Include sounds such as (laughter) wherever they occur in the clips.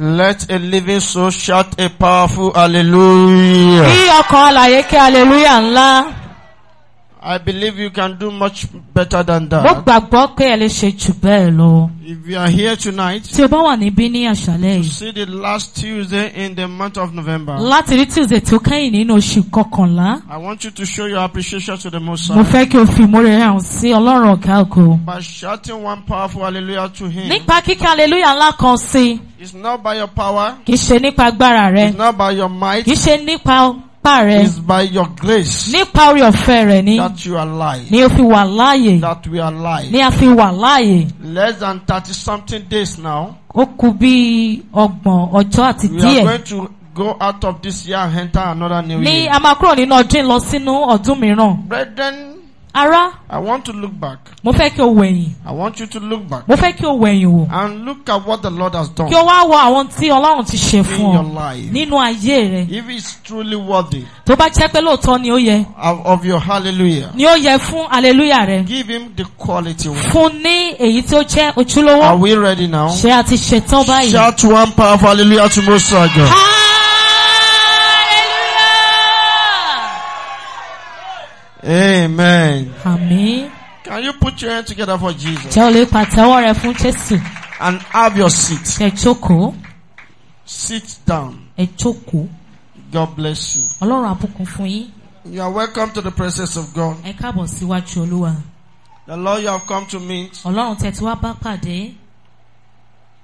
Let a living soul shout a powerful hallelujah. Kí ọkàn alààyè kí hallelujah ńlá. I believe you can do much better than that. Mo gbàgbọ́ pé ẹ lè ṣe jù bẹ́ẹ̀ lọ. If you are here tonight. Tí o bá wà níbí ní àṣálẹ́ yìí. To see the last Tuesday in the month of November. Láti rí Tuesday tó kẹ́yìn nínú oṣù kọkànlá. I want you to show your appreciation to the Most High. Mo fẹ́ kí o fi ìmúre hàn sí Ọlọ́run ọ̀gá ògo. By shouting one powerful hallelujah to him. Nípa kíkẹ́ hallelujah ńlá kan sí. It's not by your power. Kì í ṣe nípa agbára rẹ. It's not by your might. Kì í ṣe nípa ipá rẹ. is by your grace. nípa orí ọ̀fẹ́ rẹ ni. that you are alive. ni o fi wà láàyè. that we are alive. ni a fi wà láàyè. less than thirty something days now. ó kù bí ọgbọ̀n ọjọ́ àti díẹ̀. we are going to go out of this year and enter another new year. ni a máa kúrò nínú ọdún lọ sínú ọdún mìíràn. brethren Ará. I want to look back. Mo fẹ́ kí o wẹ̀yìn. I want you to look back. Mo fẹ́ kí o wẹ̀yìn wò. And look at what the Lord has done. Kí o wá wo àwọn tí Ọlọ́run ti ṣe fún ọ. In your life. Nínú ayé rẹ. If it's truly worthy. Tó bá jẹ́ pé lóòótọ́ ni ó yẹ. Of your hallelujah. Ni ó yẹ fún hallelujah rẹ. Give him the quality Fún ní èyí tí ó jẹ́ ojúlówó. Are we ready now? Ṣé a ti ṣetán báyìí? Shout one powerful hallelujah to Musa God. Hallelujah. Amen. Amen. Can you put your hand together for Jesus? And have your seat. Ẹ Sit down. Ẹ God bless you. Ọlọ́run You are welcome to the presence of God. The Lord you have come to meet.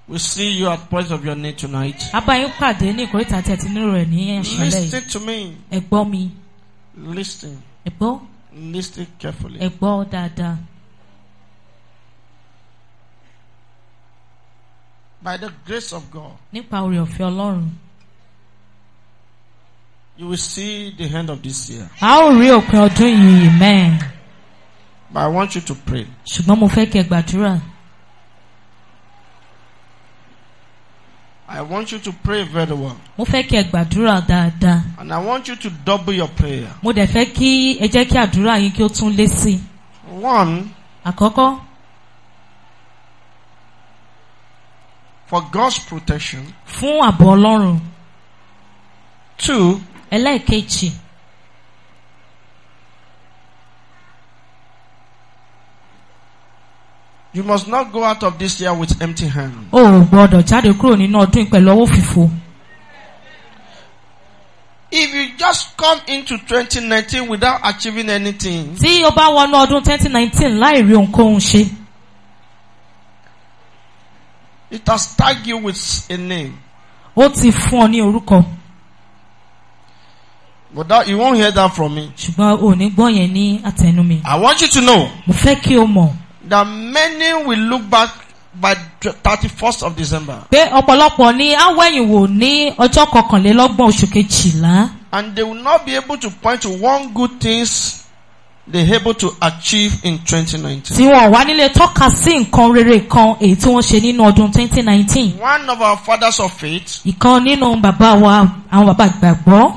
We see you at point of your need tonight. Listen to me. Listen. Ẹ gbọ́. Listen carefully. Ẹ dáadáa. By the grace of God. Nípa oore ọ̀fẹ́ Ọlọ́run. You will see the end of this year. A ó rí òpin ọdún yìí, amen. But I want you to pray. Ṣùgbọ́n mo fẹ́ kẹ́ gbàdúrà. want you to pray very well. Mo fẹ́ kí ẹ gbàdúrà dáadáa. And I want you to double your prayer. Mo dẹ̀ fẹ́ kí ẹ jẹ́ kí àdúrà yín kí ó tún lé sí. One. Àkọ́kọ́. For God's protection. Fún ààbò Ọlọ́run. Two. Ẹlẹ́ẹ̀kejì. You must not go out of this year with empty hand. O ò gbọ́dọ̀ jáde kúrò nínú ọdún yìí pẹ̀lú ọwọ́ òfìfo. If you just come into 2019 without achieving anything. Tí o bá wọnú ọdún 2019 nineteen láì rí ohunkóhun ṣe. It has tagged you with a name. Ó ti fún ọ ní orúkọ. But that, you won't hear that from me. Ṣùgbọ́n o ò ní gbọ́ yẹn ní àtẹnu I want you to know. Mo fẹ́ kí o mọ̀ that many will look back by thirty first of December. pé ọ̀pọ̀lọpọ̀ ni á wẹ̀yìn wò ní ọjọ́ kọkànlélọ́gbọ̀n oṣù kejìlá. and they will not be able to point to one good things they able to achieve in twenty nineteen. tí wọn wá nílé tọ́ka sí nǹkan rere kan èyí tí wọ́n ṣe nínú ọdún twenty nineteen. one of our fathers of faith. ìkan nínú bàbá wa àwọn bàbá ìgbàgbọ́.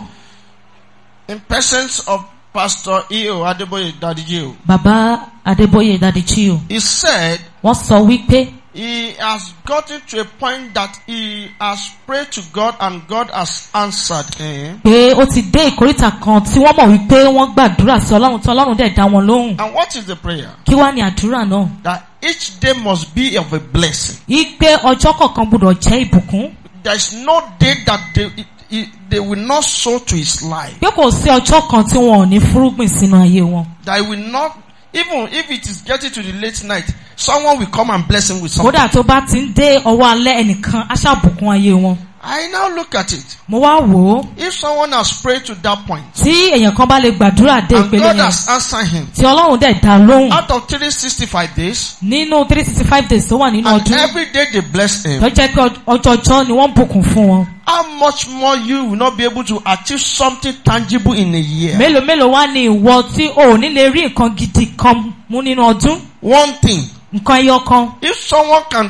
in presence of Pastor E.O. Adeboye Dadijio. Baba Adeboye Dadijio. He said. Wọ́n sọ wípé. He has gotten to a point that he has prayed to God and God has answered him. Pé ó ti dé ìkórìtà kan tí wọ́n mọ̀ wípé wọ́n gbàdúrà sí Ọlọ́run tí Ọlọ́run dẹ̀ dá wọn lóhùn. And what is the prayer? Kí wá ni àdúrà náà? That each day must be of a blessing. Ipe ọjọ́ kọ̀ọ̀kan gbọ́dọ̀ jẹ́ ìbùkún. There is no day that the he, they will not sow to his life. pé kò sí ọjọ́ kan tí wọn ò ní fúrúgbìn sínú ayé wọn. that will not even if it is getting to the late night someone will come and bless him with something. kódà tó bá ti ń dé ọwọ́ alẹ́ ẹnìkan aṣáàbùkún ayé wọn. I now look at it. Mo wá wò ó. If someone has prayed to that point. Tí èèyàn kan bá lè gbàdúrà dé ìpele yẹn. And God has answered him. Tí Ọlọ́run dẹ̀ dá lóhùn. Out of three sixty five days. Nínú three sixty five days tó wà nínú ọdún. And every day they bless him. Tó jẹ́ pé ọjọ́jọ́ ni wọ́n bùkún fún wọn. How much more you will not be able to achieve something tangible in a year? Mélòó mélòó wá ni ìwọ tí o ò ní lè rí nǹkan gidi kan mú nínú ọdún? One thing. Nǹkan ẹyọ kan. If someone can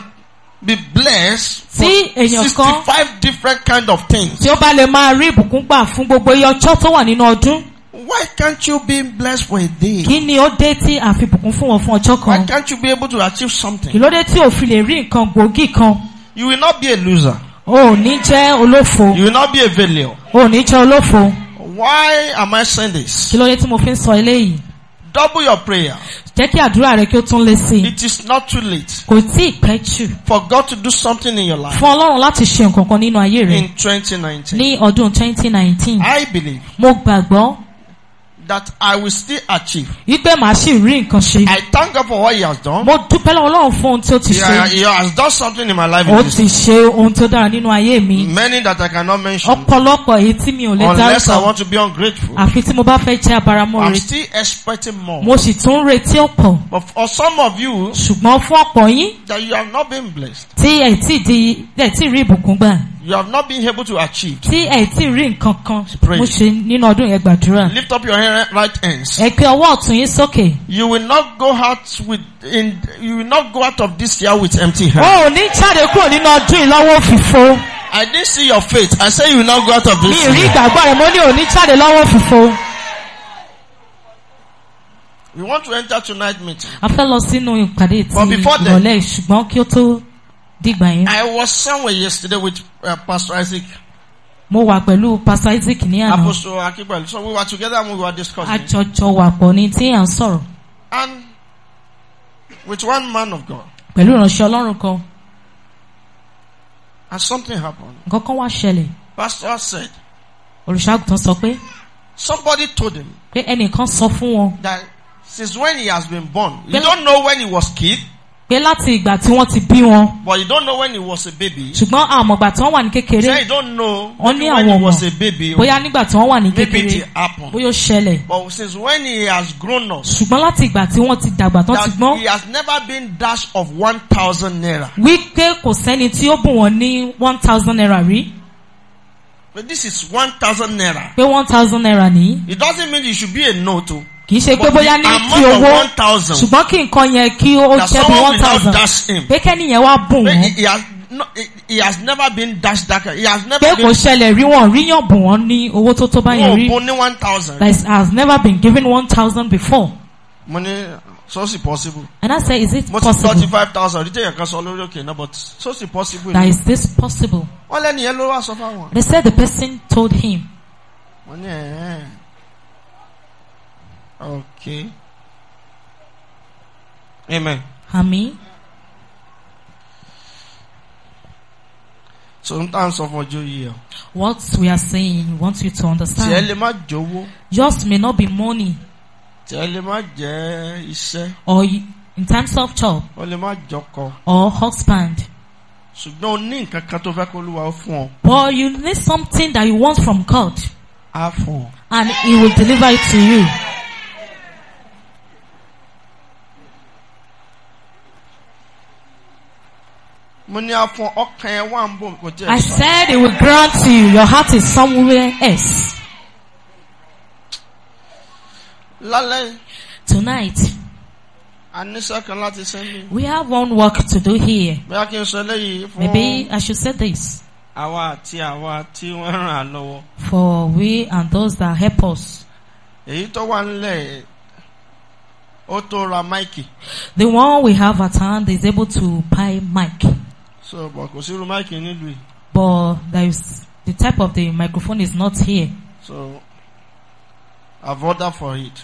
be blessed for sixty-five different kind of things. tí ó bá lè máa rí ìbùkún gbà fún gbogbo iye ọjọ́ tó wà nínú ọdún. Why can't you be blessed for a day? Kí ni ó dé tí a fún wọn fún ọjọ́ kan? Why can't you be able to achieve something? Kí tí o lè rí nǹkan gbòógì kan? You will not be a loser. O ní jẹ́ olófo. You will not be a failure. O ní jẹ́ olófo. Why am I saying this? Kí ló dé tí mo fi ń sọ eléyìí? Double your prayer. Jẹ́ kí àdúrà rẹ kí ó tún lé sí i. It is not too late. Kò tí ì pẹ́ jù. For God to do something in your life. Fún Ọlọ́run láti ṣe nǹkan kan nínú ayé rẹ. In twenty nineteen. Ní ọdún twenty nineteen. I believe. Mo gbàgbọ́ that I will still achieve. Ipe màá sì rí nǹkan ṣe. I thank God for what he has done. Mo dúpẹ́ lọ́wọ́ Ọlọ́run fún ohun tí ó ti ṣe. He has done something in my life. Ó ti ṣe ohun tó dára nínú ayé mi. Many that I cannot mention. Ọ̀pọ̀lọpọ̀ èyí tí mi ò lè dárúkọ. Unless I want to be ungrateful. Àfi tí mo bá fẹ́ jẹ́ abaramọ́re. I'm still expecting more. Mo sì tún retí ọ̀pọ̀. But for some of you. Ṣùgbọ́n fún ọ̀pọ̀ yín. That you have not been blessed. Tí ẹ̀ tí di ẹ̀ tí rí ìbùkún gbà. You have not been able to achieve. Tí ẹ̀ tí rí nǹkan kan, mo ṣe nínú ọdún yẹn gbàdúrà. Lift up your right hands. Ẹ pe ọwọ́ ọ̀tún yín sókè. You will not go out with in you will not go out of this year with empty hands. O ò ní jáde kúrò nínú ọdún yìí lọ́wọ́ òfìfo. I did see your faith. I say you will not go out of this year. Mi rí ìgbàgbọ́ rẹ̀ mo ní ò ní jáde lọ́wọ́ òfìfo. We want to enter tonight meeting. A fẹ́ lọ sínú ìpàdé ti ìrọ̀lẹ́ ṣùgbọ́n kí ó tó dìgbà yẹn. I was somewhere yesterday with uh, Pastor Isaac. Mo wà pẹ̀lú Pastor Isaac ní àná. Apostle Akipẹ̀lú so we were together and we were discussing. Àjọjọ wà pọ̀ ní tí à ń sọ̀rọ̀. And with one man of God. Pẹ̀lú ìránṣẹ́ Ọlọ́run kan. And something happened. Nǹkan kan wá ṣẹlẹ̀. Pastor said. Olùṣàgùtàn sọ pé. Somebody told him. Pé ẹnìkan sọ fún wọn. That since when he has been born. You don't know when he was killed pé láti ìgbà tí wọ́n ti bí wọn. but you don't know when he was a baby. ṣùgbọ́n àmọ́ ìgbà tí wọ́n wà ní kékeré. say you don't know when he was a baby. bóyá nígbà tí wọ́n wà ní kékeré. maybe it happen. bóyá ó ṣẹlẹ̀. but since when he has grown up. ṣùgbọ́n láti ìgbà tí wọ́n ti dàgbà tán ti gbọ́n. that he has never been dash of one thousand naira. wípé kò sẹ́ni tí ó bùn wọ́n ní one thousand naira rí. but this is one thousand naira. pé one thousand naira nìyí. it doesn't mean you should be a no to. Oh kì í ṣe pé bóyá ní ti owó ṣùgbọ́n kí nǹkan yẹn kí ó jẹ́ bí one thousand pé kẹ́niyẹn wá bùn wọ́n. He has never been dashed that he has never been. Pé kò ṣẹlẹ̀ rí wọn rí yàn bùn wọn ní owó tó tó báyìí rí. Wọ́n bùn one thousand. Like has never been given one thousand before. Mo ní so is it possible. And I say is it possible. Mo ti thirty five thousand rí téèyàn kan sọ lórí òkè náà but so is it possible. That is this possible. Wọ́n lẹ́nu yẹn ló wá sọ fáwọn. They said the person told him. Mo ní ẹ̀ẹ́. Okay. Amen. Àmín. Sometimes of ta n sọ What we are saying, we want you to understand. Just may not be money. Or in terms of job. Or husband. But you need something that you want from God. And he will deliver it to you. I said it will grant you. Your heart is somewhere else. Lale, Tonight. We have one work to do here. Maybe I should say this. For we and those that help us. The one we have at hand is able to buy mic so but kò sí irú máìkì nílùú yìí. but there is the type of the microphone is not here. so I've ordered for it.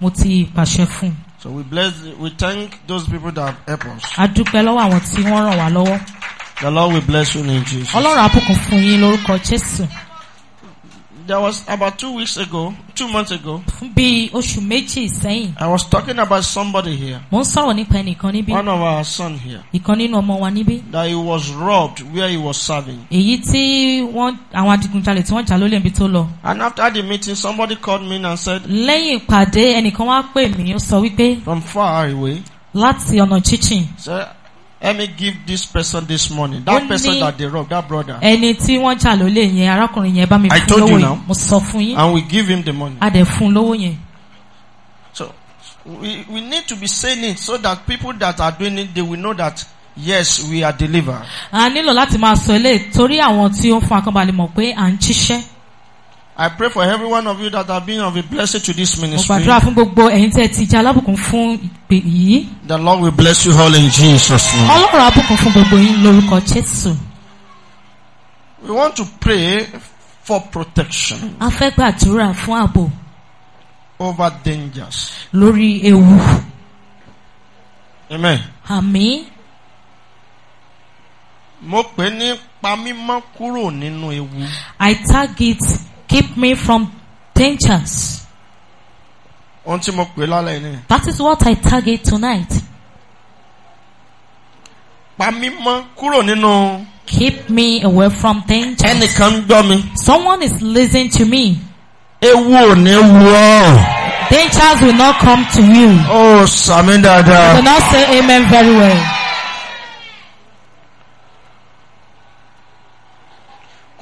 mo ti pàṣẹ fún so we bless we thank those people that have helped us. a dúpẹ́ lọ́wọ́ àwọn tí wọ́n ràn wá lọ́wọ́. the Lord will bless you in Jesus. Ọlọ́run á bùkún fún yín lórúkọ Jésù. There was about two weeks ago, two months ago. Fún oṣù méjì sẹ́yìn. I was talking about somebody here. Mo ń sọ̀rọ̀ nípa ẹnìkan níbí. One of our son here. Ìkan nínú ọmọ wa níbí. That he was robbed where he was serving. Èyí tí wọ́n àwọn adigunjalè tí wọ́n jà lólè ibi tó lọ. And after the meeting somebody called me and said. Lẹ́yìn ìpàdé ẹnìkan wá pè mí ó sọ wípé. From far away. Láti ọ̀nà jíjìn. Sir let me give this person this money that person that they robbed, that brother. ẹni tí wọ́n jà lólè yẹn arákùnrin yẹn bá mi fún lówó yẹn mo sọ fún yín. and we give him the money. a dẹ̀ fún so we we need to be saying it so that people that are doing it they will know that yes we are delivered. a nílò láti máa sọ eléyìí torí àwọn I pray for every one of you that have been of a blessing to this ministry. The Lord will bless you all in Jesus' name. We want to pray for protection. Over dangers. Lórí Amen. Mo pè ní pa mímọ́ kúrò nínú ewu. I target keep me from dangers. That is what I target tonight. Keep me away from tensions. Someone is listening to me. Dangers will not come to you. Oh, sàmì dada. You do not say amen very well.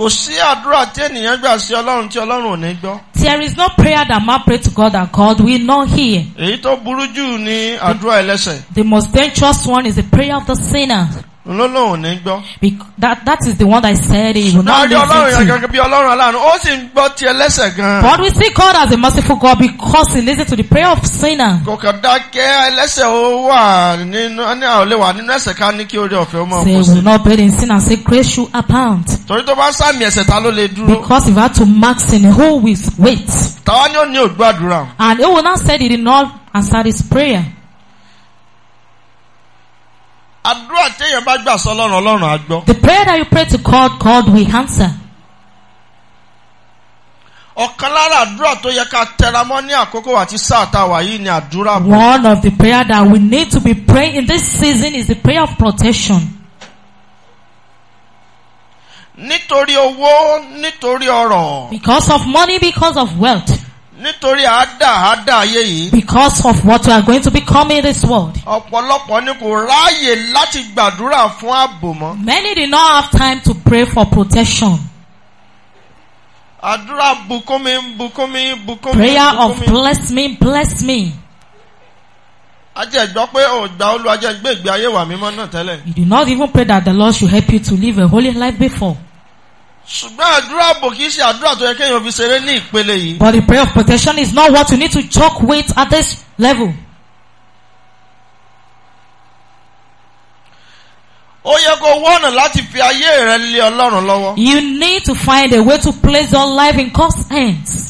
Kò sí àdúrà tí ènìyàn gbà sí Ọlọ́run tí Ọlọ́run ò ní gbọ́. There is no prayer that man pray to God that God will not hear. Èyí tó burú jù ni àdúrà ẹlẹ́ṣẹ̀. The most dangerous one is the prayer of the sinner. Ọlọ́run ní gbọ́. that that is the one that I said he will not listen to. Ọlọ́run yẹn gangan bí Ọlọ́run aláàánú ó sì ń gbọ́ ti ẹlẹ́ṣẹ̀ gan. But we see God as a merciful God because he listens to the prayer of sinner. Kò kàn dákẹ́ ẹlẹ́ṣẹ̀ ó wà nínú ẹni àwọn olè wà nínú ẹ̀ṣẹ̀ ká ní kí orí ọ̀fẹ́ ó máa kó Say we will not bed in sin and say grace you abound. Torí tó bá sàmì ẹ̀ṣẹ̀ ta ló lè dúró. Because if I had to mark sin who will wait. Tàwa ni ó ní ògbó àdúrà. And he will not say he did not answer his prayer àdúrà téèyàn bá gbà sọ Ọlọ́run Ọlọ́run á gbọ́. the prayer that you pray to God God will answer. ọ̀kan lára àdúrà tó yẹ ká tẹra mọ́ ní àkókò àti sáà tá a wà yìí ni àdúrà. one of the prayer that we need to be praying in this season is the prayer of protection. nítorí owó nítorí ọrọ̀. because of money because of wealth. Nítorí àádáàádá ayé yìí. Because of what we are going to become in this world. Ọ̀pọ̀lọpọ̀ ni kò ráàyè láti gbàdúrà fún ààbò mọ́. Many did not have time to pray for protection. Àdúrà bùkún mi bùkún Prayer of bless me bless me. Ajẹ́ gbọ́ pé ò oh, olú ajẹ́ gbé ìgbé ayé wà mímọ́ náà tẹ́lẹ̀. You do not even pray that the Lord should help you to live a holy life before ṣùgbọ́n àdúrà àbò kì í ṣe àdúrà tó yẹ kéèyàn fi ṣeré ní ìpele yìí. but the prayer of protection is not what you need to joke with at this level. ó yẹ kó wọ́nà láti fi ayé rẹ lé Ọlọ́run lọ́wọ́. you need to find a way to place your life in God's hands.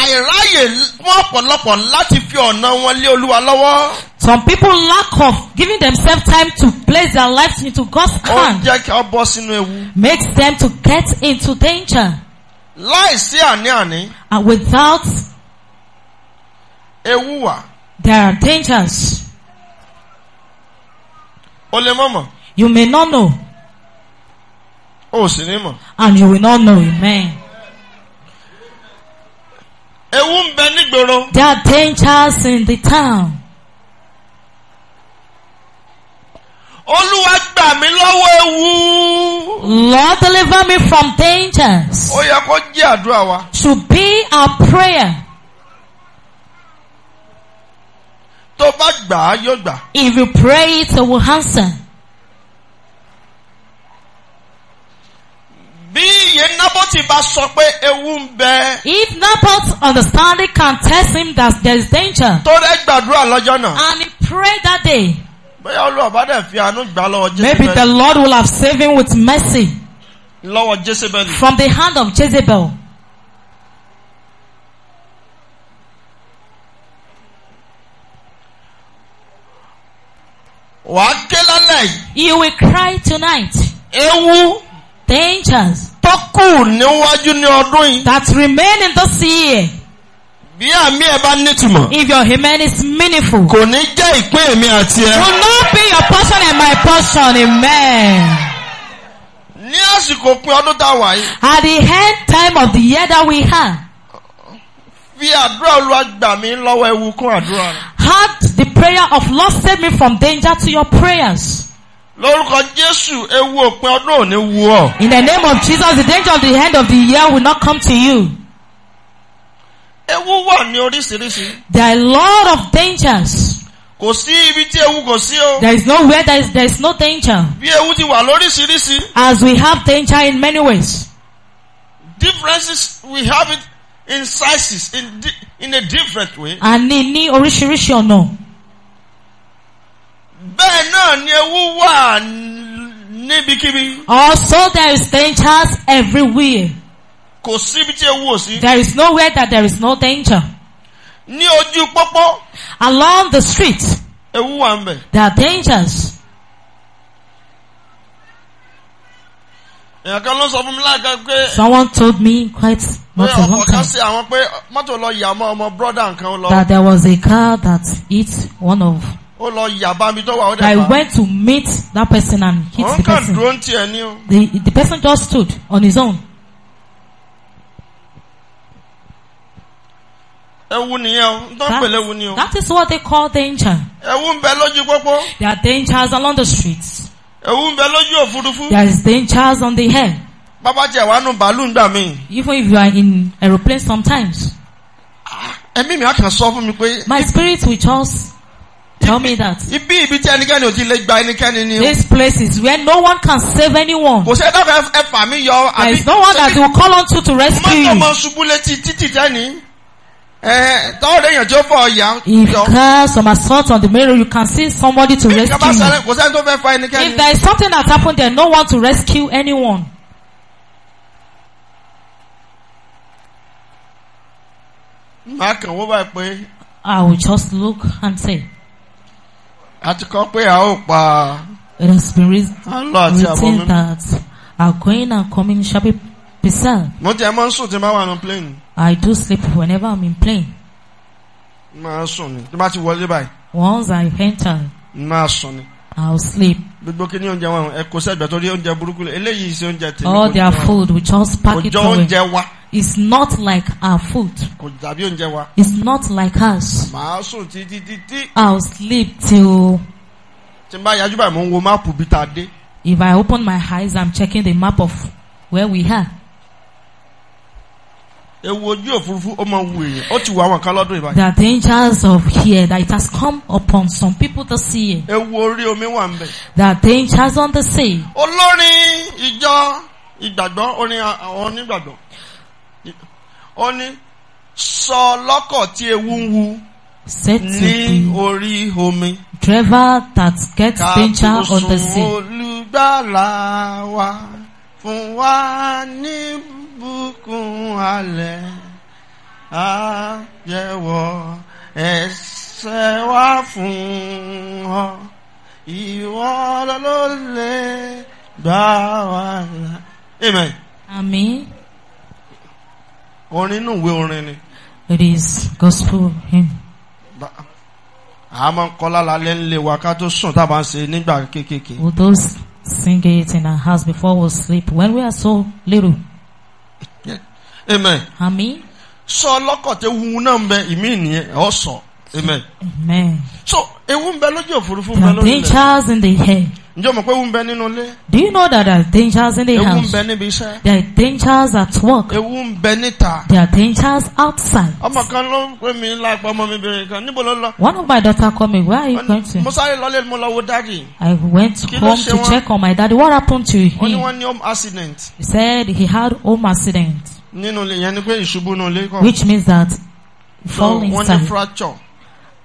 àìráyè fún ọ̀pọ̀lọpọ̀ láti fi ọ̀nà wọn lé Olúwa lọ́wọ́. Some people lack of giving themselves time to place their lives into God's hand. Ó jẹ́ kí ọ bọ́ sínú ewu. Makes them to get into danger. Láìsí àní-àní. And without ewu wà. There are dangers. O lè mọ̀ mọ̀. You may not know. O sì ní mọ̀. And you will not know. Amen. Ewu ń bẹ There are dangers in the town. Olúwa gbà mí lọ́wọ́ ewu. Lord deliver me from dangers. Ó yẹ kó jẹ́ àdúrà wa. Should be a prayer. Tó bá gbà á yóò gbà. If you pray it, it will answer. Bí iye Naboti bá sọ pé ewu ń bẹ. If Nabot understanding can test him that there is danger. Tó rẹ̀ gbàdúrà lọ́jọ́ náà. And he prayed that day. Bóyá Olúwa bá dẹ̀ fi àánú gbà lọ́wọ́ Jésù Maybe the Lord will have saved him with mercy. Lọ́wọ́ Jezebel. From the hand of Jezebel. Wàá ké lálẹ́ yìí. You will cry tonight. Ewu. Dangers tó kù níwájú ní ọdún yìí. that remain in this year. Bí àmì ẹ bá nítumọ̀. If your amen is meaningful. Kò ní jẹ́ ìpín èmi àti ẹ. Will not be your portion and my portion, amen. Ní àsìkò pin ọdún tá a wà yìí. At the end time of the year that we have. Fi àdúrà Olúwa gbà mí lọ́wọ́ ewu kún àdúrà rẹ̀. Add the prayer of Lord save me from danger to your prayers lórúkọ jésù ewu òpin ọdún ò ní ọ. in the name of jesus the danger of the end of the year will not come to you. ewu wà ní oríṣiríṣi. there are a lot of dangers. kò sí ibi tí ewu kò sí o. there is no where there is there is no danger. bí ewu ti wà lóríṣiríṣi. as we have danger in many ways. differences we have it in sizes in in a different way. a ní ní oríṣiríṣi ọ̀nà. No bẹ́ẹ̀ náà ni ewu wà níbikíbi. also there is dangers everywhere. kò síbi tí ewu ò sí. there is nowhere that there is no danger. ní ojú pópó. along the street. ewu wà ń there are dangers. èèyàn kan ló sọ fún mi láàgbá pé. someone told me quite not a long time. pé ọkọ̀ kan sí àwọn pé mọ́tò lọ yà mọ́ ọmọ brọ́dà nǹkan lọ. that there was a car that hit one of ó lọ yàbá mi tó wà ó dẹ̀ bá. I went to meet that person and hit the person. òun kàn dúró ń tiẹ̀ ní o. the the person just stood on his own. ewu nìyẹn o n tó pèlè ewu ni o. that is what they call danger. ewu ń bẹ lójú pópó. there are dangers along the streets. ewu ń bẹ lójú òfurufú. there is dangers on the air. bàbá jẹ wàá bàálù ńgbà mi. even if you are in aeroplane sometimes. Ah, ẹ̀mí mi á kàn sọ fún mi pé. my spirit will just. Tell me that. Ibi ibi tí ẹnikẹ́ni ò ti lè gba ẹnikẹ́ni ni. This place is where no one can save anyone. Kò sẹ́ dọ́kọ̀ ẹ fà yọ. There is no one that will call on you to rescue you. Mọ́tò mọ ṣubú létí títì tẹ́ni. Tọ́ọ̀rọ̀ èèyàn tí ó fọ ọ̀yà. If car some assault on the mirror you can see somebody to rescue you. kò sẹ́ni tó fẹ́ fa ẹnikẹ́ni. If there is something that happened there no one to rescue anyone. Màá kàn wọ́n báyìí pé. I will just look and say a ti kọ pé a ó pa. it has been written that our and coming shall be mo jẹ́ mọ́ sùn tí n bá wà ní plane. I do sleep whenever I'm in plane. máa sùn ni tí bá ti wọlé báyìí. once I enter. máa sùn ni. I'll sleep gbogbo kí oúnjẹ wọn ẹ kò sẹ́gbẹ̀ẹ́ torí oúnjẹ burúkú eléyìí ṣe oúnjẹ tèmi. all their food we just pack it away. kò jọ oúnjẹ wa. it's not like our food. kò dàbí oúnjẹ wa. it's not like ours. màá sùn títí títí. I'll sleep till. tí n bá yájú báyìí mo ń wo máàpù bí tá a dé. if I open my eyes I'm checking the map of where we are ewu ojú òfurufú ó máa wu èèyàn ó ti wù àwọn kan lọ́dún ìbáyìí. the dangers of here that it has come upon some people to see. ewu orí omi wà ń the dangers on the sea. olórin ìjọ ìgbàgbọ́ orin àwọn onígbàgbọ́ ó ní sọ lọ́kọ̀ tí ewu ń wu ní orí omi. driver that gets danger on the sea. kàkùsùn olùgbàlà wa fún wa ní bùkún alẹ́ á jẹ́wọ́ ẹ̀ṣẹ̀ wa fún ọ ìwọ ló lè gbà wá là. amen. àmín. orin inú ìwé orin ni. it is gospel hymn. àmọ́ kọ́lá lálẹ́ ń lé wa ká tó sùn tá a bá ń ṣe nígbà kéékèèké. will those sing it in our house before we sleep when we are so little. Amen. Àmín. Sọ lọ́kọ̀ tẹ wun náà ń bẹ ìmí nìyẹn ọ̀ sọ. Amen. Amen. So ewu ń bẹ lójú òfurufú ń bẹ lójú ilẹ̀. There are dangers in the air. Ǹjẹ́ o mọ̀ pé ewu ń bẹ nínú ilé? Do you know that there are dangers in the house? Ewu ń bẹ níbi iṣẹ́. There are dangers at work. Ewu ń bẹ níta. There are dangers outside. Ọmọ kan ló pè mí láìpẹ́ ọmọ mi bìnrin kan níbo ló lọ? One of my daughter call me where are you going to? Mo sáré lọlé mo lọ wo daddy. I went home to check on my daddy what happened to him? Ó ní wọ́n ní home accident. He said he had home accident nínú ilé yẹn ni pé ìṣubú nínú ilé kọ. which means that falling so, inside. wọ́n ní fracture.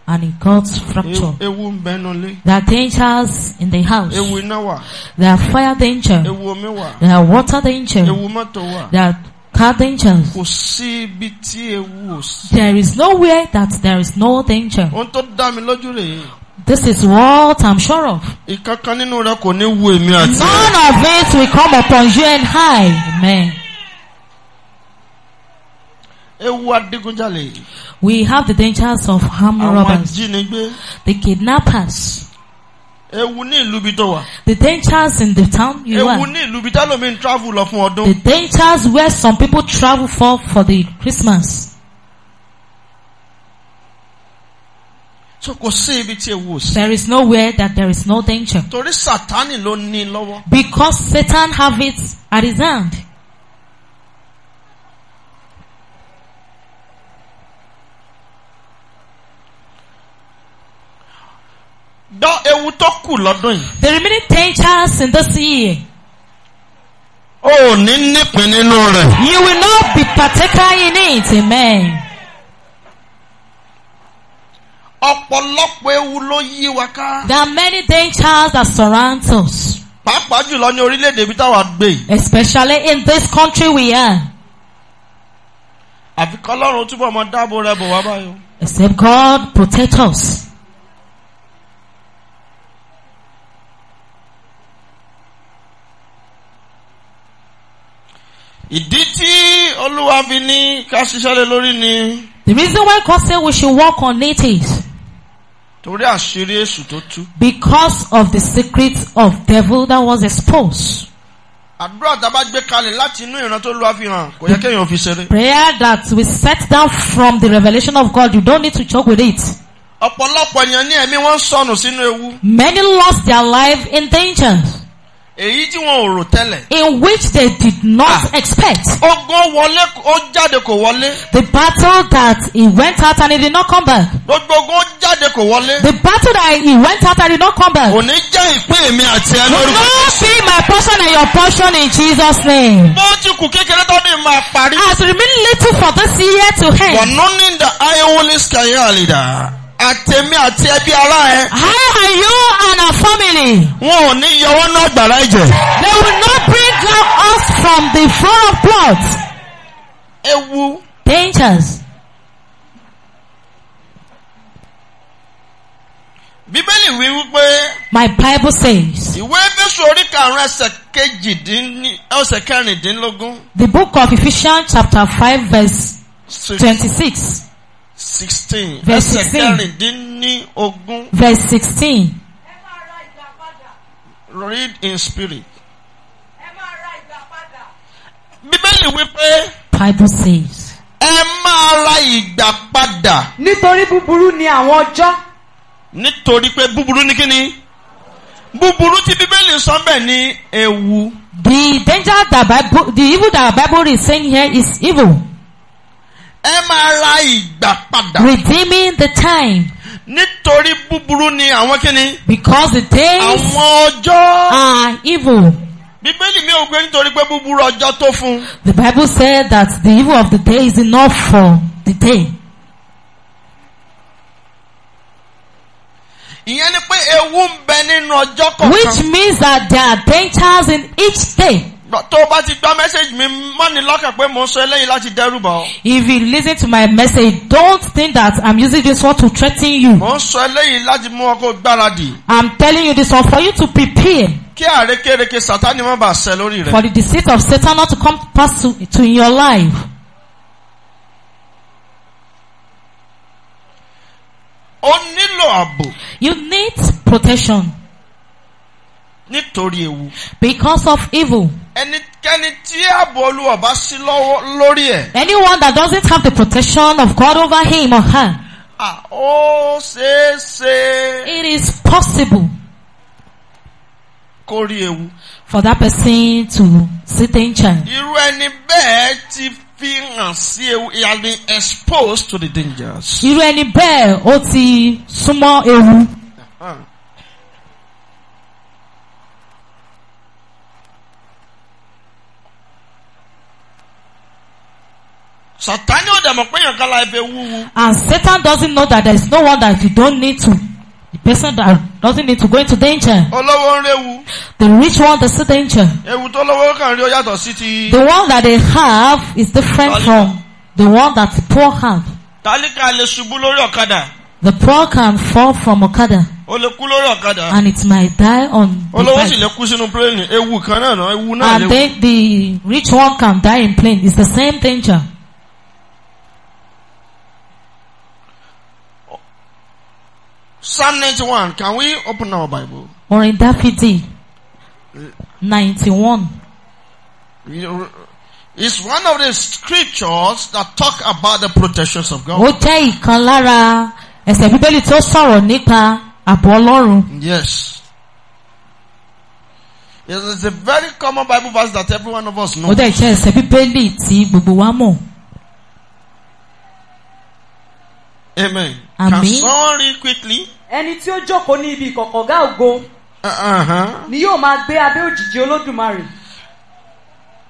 And it caused fracture. E-, ewu ń nínú ilé. There are dangers in the house. Ewu iná wà. There are fire danger. Ewu omi wà. There are water danger. Ewu mọ́tò wà. There are car dangers. Kò sí ibi tí ewu ò sí. There is nowhere that there is no danger. Ohun tó dá mi lójú rèé. This is what I'm sure of. None of it will come upon you and I. Amen. Ewu adigunjalè. We have the dangers of armed robbers. Àwọn ajínigbé. The kidnappers. Ewu ní ìlú bí tó wà. The dangers in the town you are. Ewu ní ìlú bí tálómi ń travel lọ fún ọdún. The dangers where some people travel for for the Christmas. So kò sí ibi tí ewu sí. There is nowhere that there is no danger. Torí Sátánì ló ní lọ́wọ́. Because Satan have it at his hand. dán ewu tó kù lọ́dún yìí. the remaining dangers in this year. o ò ní nípìn nínú rẹ̀. you will not be partaker in it amen. ọ̀pọ̀lọpọ̀ ewu ló yí wa ká. there are many dangers that surround us. pàápàá jùlọ ní orílẹ̀-èdè ibi táwa gbé. especially in this country we are. àfi kọ́lọ́run túbọ̀ mọ dáàbò rẹ̀ bò wá báyìí. except God protect us. Ìdí tí Olúwa fi ní ká ṣiṣẹ́ lé lórí ni. The reason why God say we should work on it is. Torí àṣírí èṣù tó tú. Because of the secret of devil that was exposed. Àdúrà tá a bá gbé kalẹ̀ láti inú ìran tó Olúwa fi hàn kò yẹ kéèyàn fi ṣeré. Prayer that we set down from the revelation of God you don't need to joke with it. Ọ̀pọ̀lọpọ̀ ènìyàn ní ẹ̀mí wọn sọnù sínú ewu. Many lost their life in danger èyí tí wọn ò rò tẹ́lẹ̀. in which they did not ah. expect. ogun wọlé ó jáde kò wọlé. the battle that he went out and he did not come back. gbogbo ogun ó jáde kò wọlé. the battle that he went out and he did not come back. kò ní jẹ́ ìpín èmi àti ẹ lórúkọ. no be my portion and your portion in Jesus name. bó ti kù kékeré tó ní máa parí. as remain little for this year to end. wọ̀nú ní the iowa ní skyy àlìdá. Àtẹ̀mí àti ẹbí ará ẹ. How are you and our family? Wọn ò ní yọwọ́ náà gbàrá ẹ̀jẹ̀. They will not bring out us from the floor of blood. Ewu. Dangers. Bíbélì wí wípé. My Bible says. Ìwé Éfésù orí karùn-ún ẹsẹ̀ kejìdínlógún ẹsẹ̀ kẹrìndínlógún. The book of Ephesians chapter five verse twenty-six sixteen verse sixteen. read in spirit. bíbélì wípé. bible says. ẹ máa ra ìgbà padà. nítorí búburú ni àwọn ọjọ́. nítorí pé búburú ni kíni. búburú tí bíbélì sọ bẹ́ẹ̀ ni ewu. the danger that bible the evil that bible is saying here is evil ẹ máa padà. redeeming the time. nítorí búburú ni àwọn kíni. because the days. àwọn ọjọ́. are evil. Bíbélì mi ò gbé nítorí pé búburú ọjọ́ tó fún. The Bible said that the evil of the day is enough for the day. Ìyẹn ni pé ewu ń bẹ nínú ọjọ́ kọ̀ọ̀kan. Which means that there are dangers in each day tó o bá ti gbọ́ mẹ́sẹ̀gì mi mọ́ ní lọ́kàn pé mo ń sọ eléyìí láti dẹ́rù bọ̀. if you listen to my message don't think that I'm using this one to threaten you. mo ń sọ eléyìí láti mú ọkọ gbáradì. I'm telling you this one for you to prepare. kí àrékérekè sátani má bàa ṣẹ lórí rẹ. for the deceit of Satan not to come pass to, to your life. o nílò ààbò. you need protection. nítorí ewu. because of evil ẹnikẹ́ni tí ààbò olúwa sí lọ́wọ́ lórí ẹ̀. anyone that doesn't have the protection of God over him or her. ah ó ṣeé ṣe. it is possible. kó rí ewu. for that person to sit in chair. irú ẹni bẹ́ẹ̀ ti fi hàn sí ewu he has been exposed to the dangers. irú ẹni bẹ́ẹ̀ ó ti súnmọ́ ewu. Uh -huh. Sàtánì ò dẹ̀ pé yànká la ẹbẹ̀ wúwo. And Satan doesn't know that there is no one that you don't need to. The person that doesn't need to go into danger. Olówó ń réwu. The rich one that's in danger. Ewu tó lówó kàn rí ó yàtọ̀ sí ti. The one that they have is different Talika. from the one that the poor have. Tálíkà lè ṣubú lórí ọ̀kadà. The poor can fall from ọ̀kadà. O lè kú lórí ọ̀kadà. And it might die on Olówó sì lè kú sínú plane. Ewu kan náà ewu náà léwu. And then the rich one can die in plane. It's the same danger. Psalm 91. Can we open our Bible? Orin Dáfídì 91. It's one of the scriptures that talk about the protections of God. Ó jẹ́ ìkan lára ẹsẹ̀ Bíbélì tó sọ̀rọ̀ Yes. It is a very common Bible verse that every one of us knows. Ó dẹ̀ jẹ́ ẹsẹ̀ Bíbélì tí Amen. Àmín. Can someone read quickly? Ẹni tí ó jókòó ní ibi ìkọ̀kọ̀gá ògo. Uh-huh. Ni yóò máa gbé abẹ́ òjìji Olódùmarè.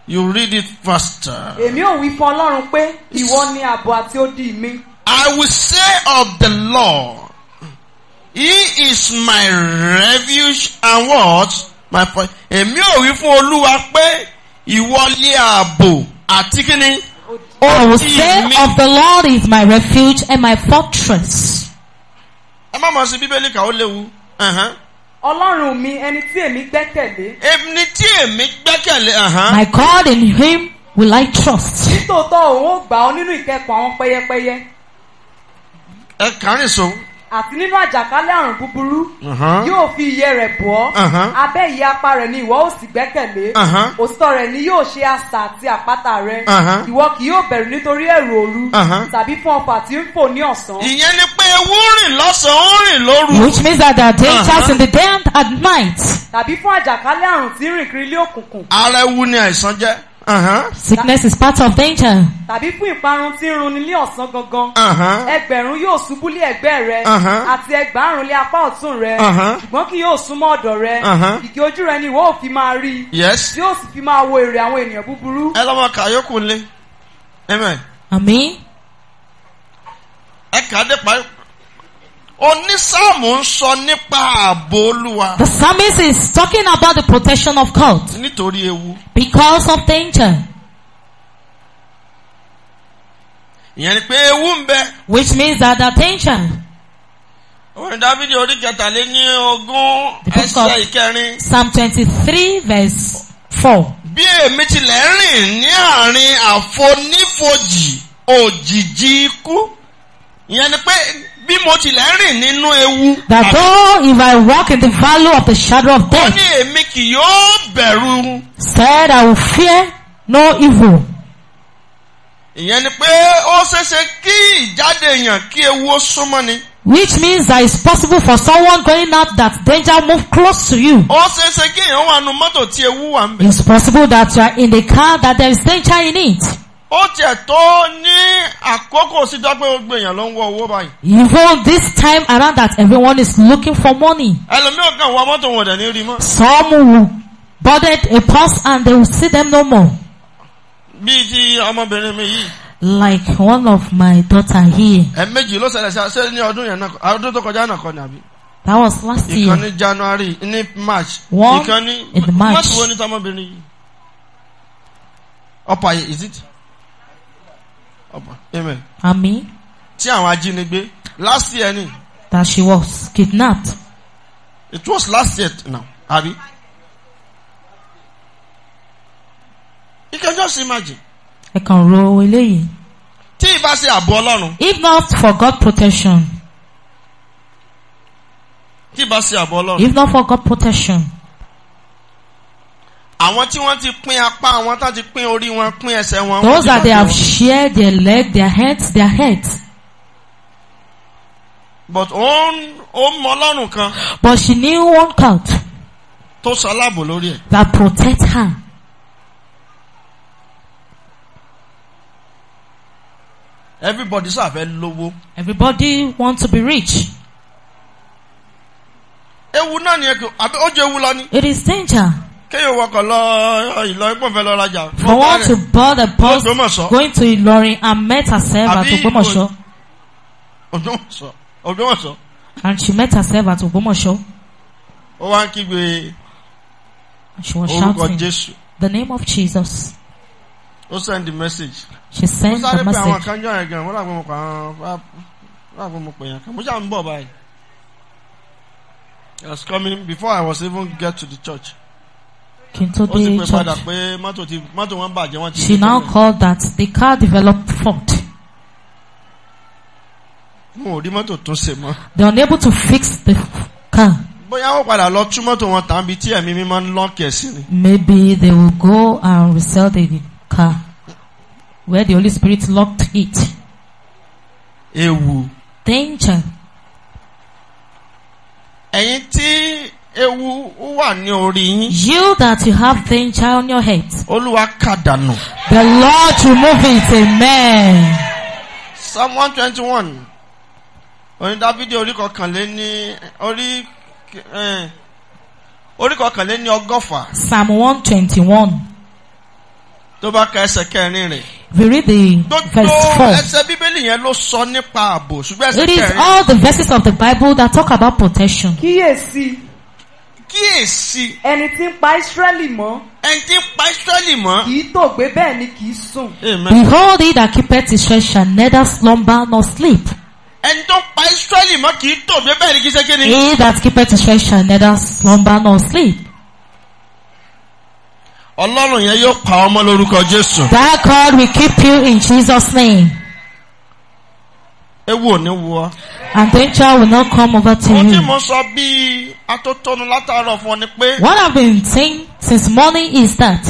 You read it faster. Èmi ò wí fún Ọlọ́run pé ìwọ ni ààbò àti odi mi. I will say of the Lord, He is my refuge and what? My point. Èmi ò wí fún Olúwa pé ìwọ ni ààbò àti kíni Oh, say of the Lord is my refuge and my fortress. Ẹ má mọ̀ sí Bíbélì kà ó léwu. Ọlọ́run mi ẹni tí èmi gbẹ́kẹ̀lé. Ẹni tí èmi gbẹ́kẹ̀lé. My God in him will I trust. Nítòótọ́ òun ó gbà ọ́ nínú ìkẹ́kọ̀ọ́ àwọn pẹ́yẹpẹ́yẹ. Ẹ kàrin sòun àti nínú àjàkálẹ̀ àrùn búburú uh-huh. yóò fi ìyẹ́ rẹ̀ bò uh-huh. abẹ́ ìyẹ́ apá rẹ̀ ni ìwọ ó sì gbẹ́kẹ̀lé uh-huh. òtítọ́ rẹ̀ ni yóò ṣe asà àti àpáta rẹ̀ ìwọ kì yóò bẹ̀rù nítorí ẹ̀rù òru tàbí fún ọkọ̀ àti ń fò ní ọ̀sán. ìyẹn ni pé ewu rìn lọ́sàn ó rìn lóru. which means that there are dangers in the day and at night. tàbí fún àjàkálẹ̀ àrùn tí ń rìn kiri ilé òkùnkùn. ara ewu ni àìsàn jẹ́. Sickness is part of danger. Tàbí fún ìparun tí ń runi ní ọ̀sán gangan. Ẹgbẹ̀rún yóò ṣubú lé ẹ̀gbẹ́ rẹ. Àti ẹgbàárùn lé apá ọ̀tún rẹ. Ṣùgbọ́n kì yóò súnmọ́ ọ̀dọ̀ rẹ. Ìgè ojú rẹ ni ìwọ ò fi máa rí. Yes. Yóò sì fi máa wo èrè àwọn ènìyàn búburú. Ẹ lọ́mọ kàyókù lé. Amen. Àmín. Ẹ kà á dé parí Onísàmù ń sọ nípa ààbò Olúwa. The psalmist is talking about the protection of God. Nítorí ewu. Because of danger. Ìyẹn ni pé ewu ń bẹ. Which means that the danger. Orin Dábìdì orí kẹtàléní ogún ẹsẹ̀ ìkẹrin. Psalm twenty-three verse four. Bí èmi tilẹ̀ rìn ní àárín àfonífojì òjìji ikú. Ìyẹn ni pé bí mo tilẹ̀ rìn nínú ewu. that though if I walk in the valley of the shadow of death. ó ní èmi kì yóò bẹ̀rù. said I will fear no evil. ìyẹn ni pé ó ṣeéṣe kí ìjáde èèyàn kí ewu ó súnmọ́ ni. Which means that it's possible for someone going out that danger move close to you. Ó ṣe ṣe kí èèyàn wà nù mọ́tò tí ewu wà ń bẹ̀. It's possible that you are in the car that there is danger in it ó tiẹ̀ tó ní àkókò sí dọ́pẹ́ gbogbo èèyàn ló ń wọ owó báyìí. even this time around that everyone is looking for money. ẹlòmíràn kan wọ mọ́tò wọn dẹ̀ ní rí mọ́. some boarded a bus and they will see them no more. bíi ti ọmọbìnrin mi yìí. like one of my daughter here. ẹ̀ẹ̀mejì ló ṣẹlẹ̀ ṣe ṣe ní ọdún yẹn náà ọdún tó kọjá náà kọ́ ni àbí. that was last year. ìkànnì january ní march. one in march. ìkànnì mọ́tò wo ni tọmọbìnrin yìí. ọ̀pá yìí is it amen. àmín. tí àwọn ajínigbé last year ni. that she was kidnapped. it was last year now abi. you can just imagine. ẹ kàn ro eléyìí. tí ìbá ṣe ààbò Ọlọ́run. if not for God protection. tí ìbá ṣe ààbò Ọlọ́run. if not for God protection àwọn tí wọ́n ti pín apá àwọn tá ti pín orí wọn pín ẹsẹ̀ wọn. those that they have shared their leg their heads their heads. but ó ń ó ń mọ ọlọ́run kan. but she knew one count. tó sọ lórí ẹ̀. that protect her. everybody sá fẹ́ lówó. everybody want to be rich. ewu náà ni ẹ kò àbí ó jẹ ewu lọ ni. it is danger for one to buy the bus going to Ìlọrin and met herself at Ògbómọ̀ṣọ́. Ògbómọ̀ṣọ́ Ògbómọ̀ṣọ́. and she met herself at Ògbómọ̀ṣọ́. ó wá ń kígbe orúkọ Jésù. the name of Jesus. ó send the message. she sent the message. mo I was coming before I was even get to the church kí n church. she now called that the car developed fault. wọn they are unable to fix the car. bóyá wọ́n padà lọ tú mọ́tò wọn tàbí tí ẹ̀mí mímọ́ ń lọ́ọ̀kì ẹ̀ ni. maybe they will go and resell the car where the Holy Spirit locked it. ewu. danger. ẹ̀yin tí ewu wà ní orí yín. You that you have danger on your head. Olúwa kà dànù. The Lord remove it, amen. Psalm one twenty one. Orin Dábídì orí kọkànlé ní orí orí Psalm one twenty one. Tó bá ka ẹsẹ̀ kẹrin rẹ̀. We read the verse four. ẹsẹ̀ Bíbélì yẹn ló sọ nípa ààbò ṣùgbọ́n ẹsẹ̀ kẹrin. It is all the verses of the Bible that talk about protection. Kíyèsí kíyèsí. ẹni tí ń pa Ísírẹ́lì mọ́. ẹni tí ń pa Ísírẹ́lì mọ́. kì í tòògbé bẹ́ẹ̀ ni kì í sùn. Behold he that keepeth Israel shall neither slumber nor sleep. ẹni tó ń pa Ísírẹ́lì mọ́ kì í tòògbé bẹ́ẹ̀ ni kì í ṣe kíni. he that keepeth Israel shall neither slumber nor sleep. Ọlọ́run yẹn yóò pa ọmọ lórúkọ Jésù. That God will keep you in Jesus' name ewu ò wu ọ. and danger will not come over to you. ohun mo sọ bíi atótónu látàárọ̀ fún ọ ni pé. what I've been saying since morning is that.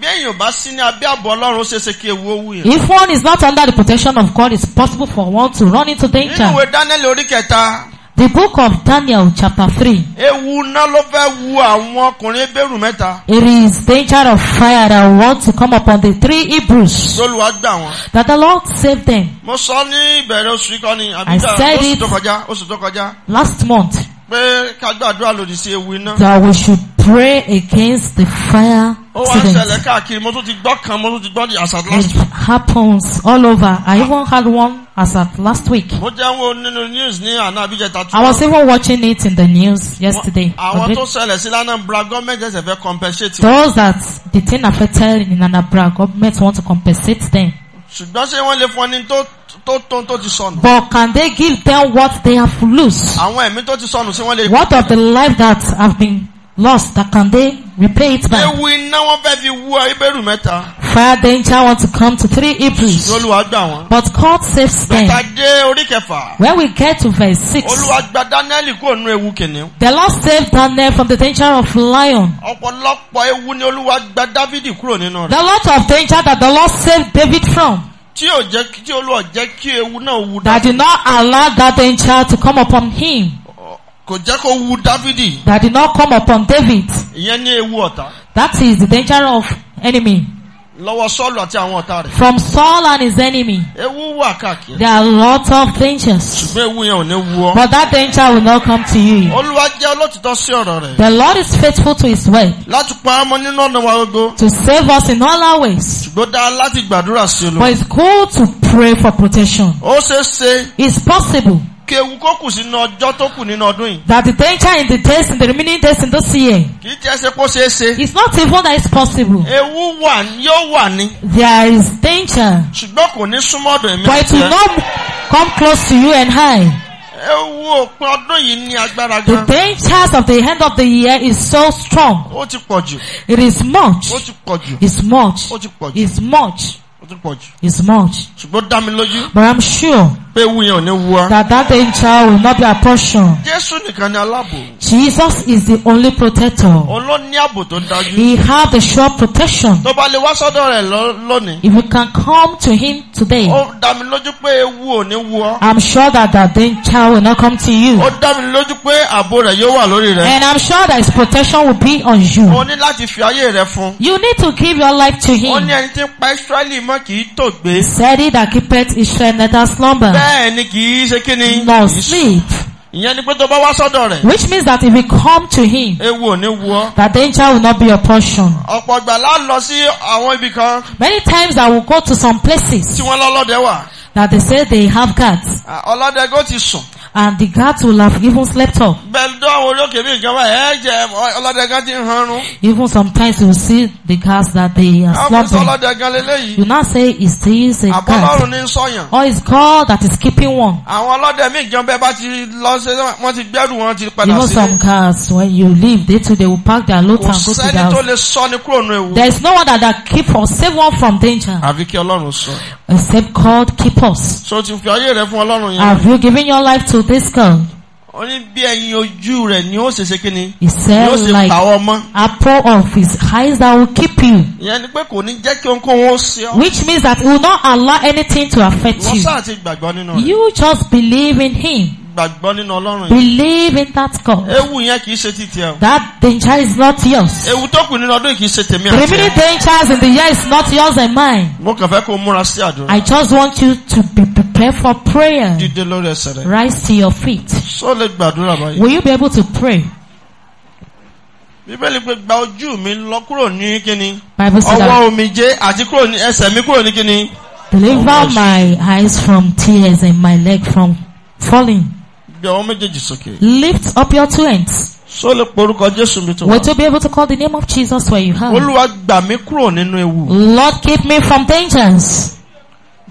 bí èèyàn bá sí ní abẹ́ àbọ̀ Ọlọ́run ó ṣeé ṣe kí ewu ó yẹn. if one is not under the protection of God it's possible for one to run into danger. nínú ìwé Daniel orí kẹta. The book of Daniel chapter three. Ewu ná ló fẹ́ wu àwọn ọkùnrin Hébérù mẹ́ta. It is danger of fire that want to come upon the three Hebrews. Olúwa gbà wọ́n. That the Lord save them. Mo sọ ní ìbẹ̀rẹ̀ oṣù kan ní àbíkà oṣù tó kọjá oṣù tó kọjá. Last month pé ká gbàdúrà lòdì sí ewu iná. that we should pray against the fire accident. ó wá ń ṣẹlẹ̀ káàkiri mo tún ti gbọ́ kan mo tún ti gbọ́ di as last week. it happens all over I even had one as at last week. mo jẹ́ wo nínú news ní àná abíjẹta tó. I was even watching it in the news yesterday. àwọn tó ṣẹlẹ̀ sí l'Anambra government just fẹ́ compensate. those that the thing affected in Anambra government want to compensate them. ṣùgbọ́n ṣé wọ́n lè fún ẹni tó tó tó tó ti sọnù. But can they give them what they have lost? Àwọn ẹ̀mí tó ti sọnù sí wọ́n lè. What of the life that have been lost that can they repay it back? Ewu iná wọn fẹ́ fi wú Ibérù mẹ́ta. Fire danger want to come to three Hebrews. Olúwa gbà wọ́n. But God saves them. Mẹ́ta dé orí kẹfà. When we get to verse six. Olúwa gba Daniel kúrò nínú ewu kìnìún. The Lord saved Daniel from the danger of lion. Ọ̀pọ̀lọpọ̀ ewu ni Olúwa gba David kúrò nínú rẹ̀. The lot of danger that the Lord saved David from tí ò jẹ́ tí olúwa jẹ́ kí ewu náà wu that did not allow that danger to come upon him. kò jẹ́ kó wu Dávidi. that did not come upon David. ìyẹn ni ewu ọ̀tá. that is the danger of enemy lọ́wọ́ Sọ́ọ̀lù àti àwọn ọ̀tá rẹ̀. from Saul and his enemy. ewu wà káàkiri. there are lots of dangers. ṣùgbọ́n ewu yẹn ò ní wú ọ. but that danger will not come to you. Olúwa jẹ́ olótìtọ́ sí ọ̀rọ̀ rẹ̀. the Lord is faithful to his word. láti pa ọmọ nínú ọ̀nà wa gbogbo. to save us in all our ways. ṣùgbọ́n dáa láti gbàdúrà sí Olúwa. but it's good to pray for protection. ó ṣeé ṣe. it's possible ewu kó kù sínú ọjọ́ tó kù nínú ọdún yìí. that the danger in the test in the remaining test in this year. kì í jẹ́ ṣe kó ṣeé ṣe. it's not even that it's possible. ewu wà yóò wà ní. there is danger. ṣùgbọ́n kò ní súnmọ́ ọ̀dọ̀ èmi. but it will not come close to you and high? Ewu òpin ọdún yìí ní agbára gan. The dangers of the end of the year is so strong. Ó ti pọ̀ jù. It is much. Ó ti pọ̀ jù. It's much. Ó ti pọ̀ jù. It's much ó tún much. but i'm sure. that that danger will not be a portion. Jesus is the only protector. he has the sure protection. if you can come to him today. i'm sure that that danger will not come to you. and i'm sure that his protection will be on you. you need to give your life to him kì í tògbé. said he that keepeth Israel neither slumber. bẹ́ẹ̀ kì í ṣe kí ni. nor sleep. ìyẹn ni pé tó bá wá sọ́dọ̀ rẹ̀. which means that if we come to him. ewu ò ní wú ọ. that danger will not be your portion. ọ̀pọ̀ ìgbà la sí àwọn ibì kan. many times I will go to some places. tí wọ́n lọ́lọ́dẹ wà. that they say they have cats. ọlọ́dẹ kò ti sùn and the guards will have even slept off. even sometimes you see the guards that they are slumbering. you now say it's this a guard. or it's God that is keeping one. you know some guards when you leave they too they will pack their load and go to the house. there is no one that that keep or save one from danger except God keep us. so ti fi ayé rẹ fún Ọlọ́run yẹn. have you given your life to this God? ó ní bí ẹyin ojú rẹ ni ó ṣe ṣe kí ni. he said like ni ó ṣe pa ọ mọ́. apple of his eyes that will keep you. ìyẹn ni pé kò ní jẹ́ kí ohunkóhun ó ṣe ọ. which means that he will not allow anything to affect you. wọ́n sáà ti gbàgbọ́ nínú rẹ̀. you just believe in him gbàgbọ́ nínú Ọlọ́run yìí. believe in that God. ewu yẹn kì í ṣe ti tiẹ̀ that danger is not yours. ewu tó kù nínú ọdún yìí kì í ṣe tèmi àti the remaining dangers in the year is not yours and mine. mo kàn fẹ́ kó o múra sí àdúrà. I just want you to be prepared for prayer. dídé lórí ẹsẹ̀ rẹ. rise to your feet. sọ lè gbàdúrà báyìí. will you be able to pray? bíbélì pé gba ojú mi lọ kúrò ní kíni. bible said that ọwọ́ omijé àti kúrò ní ẹsẹ̀ mi kúrò ní kíni. deliver my eyes from tears and my leg from falling. Lift up your two hands. so lè porúkọ Jésù mi tó wá? Will you be able to call the name of Jesus where you have. Olúwa gbà mí kúrò nínú ewu. Lord keep me from dangers.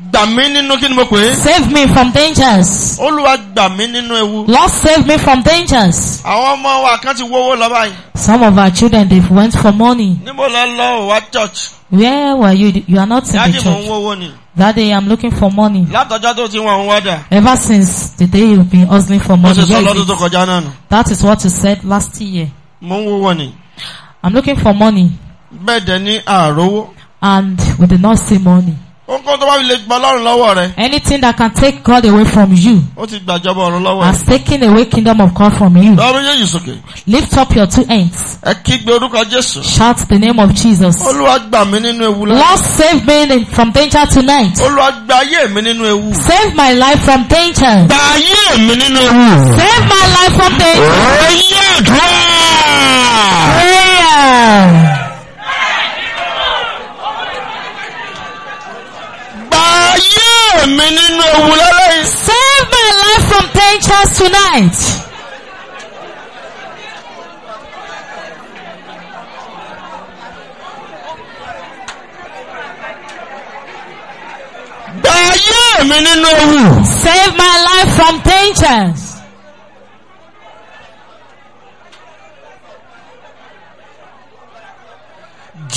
Gbà mí nínú kí mo pè Save me from dangers. Olúwa gbà mí nínú ewu. Lord save me from dangers. Àwọn ọmọ wa kan ti wówó lọ báyìí. Some of our children they went for money. Níbo lọ lọ wá church? Where were you? You are not in the church. Ìyá jì mò ń ni. That day I'm looking for money. Látọjọ́ tó ti wọ́n ń Ever since the day you've been hustling for money. Mo ṣe sọ lọ́dún tó kọjá náà That is what you said last year. Mo ń wúwo ni. I'm looking for money. Bẹ́ẹ̀ dẹ̀ ní àrówó. And we did not see money. Nǹkan tó bá lè gba Ọlọ́run lọ́wọ́ rẹ. Anything that can take God away from you. Ó ti gbàjọba ọ̀run lọ́wọ́ rẹ. Has taken away kingdom of God from you. Lọ méjèèjì sókè. Lift up your two hands. Ẹ kígbe orúkọ Jésù. Shout the name of Jesus. Olúwa gbà nínú ewu lọ. Lord save me from danger tonight. Olúwa ayé mi nínú ewu. Save my life from danger. Gba ayé mi nínú ewu. Save my life from danger. Oyè dùn. Prayer. Save my life from dangers tonight. Gba ayé Save my life from dangers.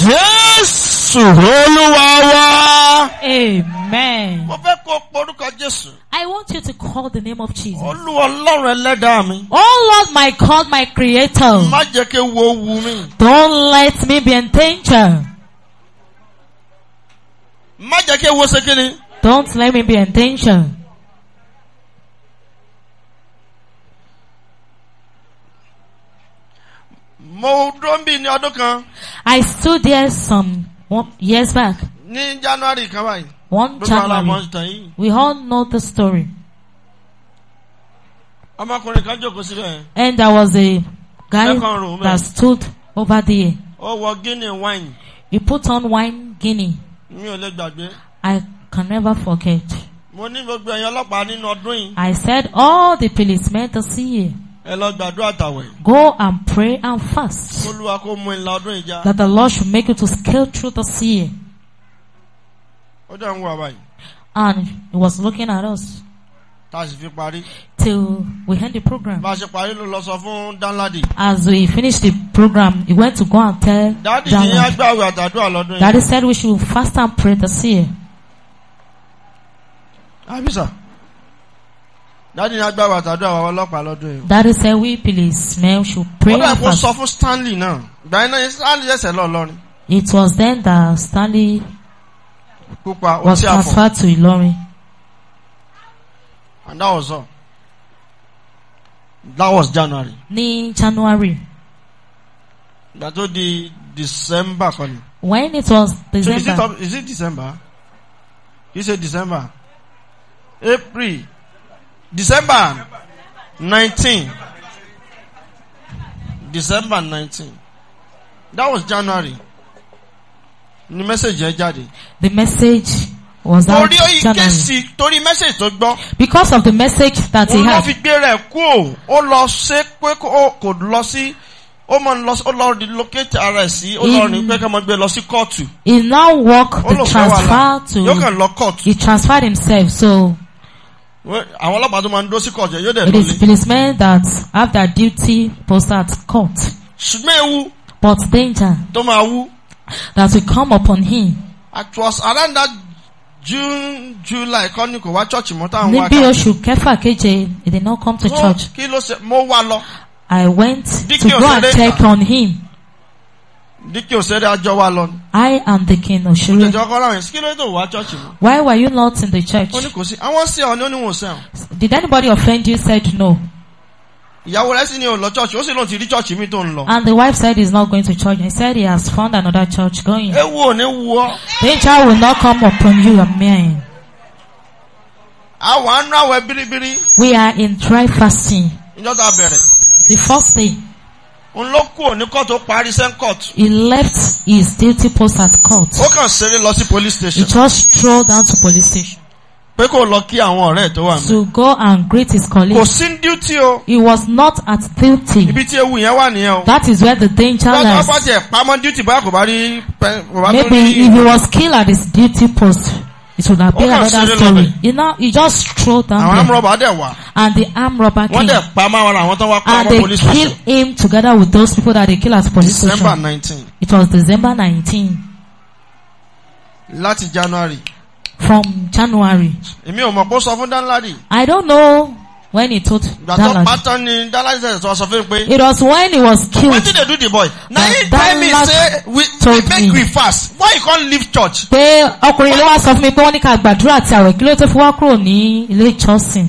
Jésù Olúwa Amen. Mo fẹ́ kó porúkọ Jésù. I want you to call the name of Jesus. Olú Ọlọ́run ẹlẹ́dàá mi. Oh Lord my God my creator. Má jẹ́ kí ewu ó wù Don't let me be in danger. Má jẹ́ kí ewu ṣe kí ni. Don't let me be in danger. Mo dúró ń bì ní ọdún kan. I stood there some years back. Ní January kan báyìí. One January. We all know the story. Ọmọkùnrin kan jókòó síbẹ̀. And there was a guy that stood over there. Ó wọ Guinea wine. He put on wine Guinea. Mi ò lè gbàgbé. I can never forget. Mo ní gbogbo ẹ̀yin ọlọ́pàá nínú ọdún yìí. I said all the policemen see." year. Go and pray and fast. That the Lord should make you to scale through the sea. And he was looking at us. Till we end the program. As we finished the program, he went to go and tell Danladi. Daddy said we should fast and pray this year. Àbísà dájú ni a gbà wàtàdúrà àwọn ọlọ́pàá lọ́dún that is why we police men should pray. for dà sọ fún Stanley náà ìgbà iná yẹn Stanley yẹsẹ̀ lọ lọ́rin. it was then that Stanley Pupa, was transferred to Ilorin. and that was all. that was January. ní January. ìgbà tó di December kan ni. when it was December. so is it, is it December? you say December? April. December nineteen December nineteen that was January ni message the message was that January. torí message tó gbọ́. because of the message that he had. òun ló fi gbé rẹ̀ kú o ó lọ ṣe pé kò lọ sí ó mọ lọ ó lọ relocate ara ẹ̀ sí ó lọ rìn pé kí ọmọ gbé lọ sí kóòtù. he now work the transfer to he transferred himself so àwọn ọlọ́pàá tó máa ń dó sí court yóò dẹ̀ lọlé. it is policemen that have their duty post at court. ṣùgbọ́n ewu. but danger. tó máa wú. that will come upon him. it was around that June July kọ́ ni kò wá church mọ́ táwọn wá. níbi oṣù kẹfà keje he did not come to church. kí ló ṣe mo wá lọ. I went to go and check on him. Díkì Òṣèré àjọ wa lọ. I am the king of Ṣeré. Òjòjò ọkọ láwọn yẹn, kí ló dé wá church Why were you not in the church? Ó ní kò sí, àwọn sí ọ ní oníwọ̀n sẹ́wọ̀n. Did anybody offend you said no? Ìyàwó rẹ̀ sì ni ò lọ church, ó sì lóun ti rí church mi tó ń lọ. And the wife said he is not going to church. He said he has found another church going. Ewu ò ní wu ọ. Danger will not come upon you, amen. Àwọn àánú àwẹ̀ bíríbírí. We are in dry fasting. Ìjọba bẹ̀rẹ̀. The first day n òní court ó parí sẹ́ń he left his duty post at court. ó kàn ṣeré lọ sí police station. he just strolled down to police station. pé kó lọ kí àwọn ọ̀rẹ́ tó wà mí. to go and greet his colleague. kò sí duty o. he was not at duty. ibi tí ewu yẹn wà nìyẹn o. that is where the danger lies. lọ́dọ̀ ọ̀pọ̀ jẹ̀ pamọ́ duty báyà kò bá rí. maybe if he was killed at his duty post. It would have been another story. You know, you just throw down Àwọn arm robber dẹ̀ wá. And the arm robber came. Wọ́n dẹ̀ pa máa wọn àwọn tó wá pa àwọn police station. And they kill him together with those people that they kill as police December station. December nineteen. It was December nineteen. Láti January. From January. Èmi ò mọ̀ kó sọ fún Danladi. I don't know when he told Dallas. Pátá ni Dallas was sọ fún mi It was when he was killed. Wetin dey do the boy? Na he tell me say we make we fast. Why you come leave church? Pé ọkùnrin ló wá sọ fún mi pé wọ́n ní ká gbàdúrà àti àwẹ̀ kí ló tó fi wá kúrò ní ilé ìjọsìn.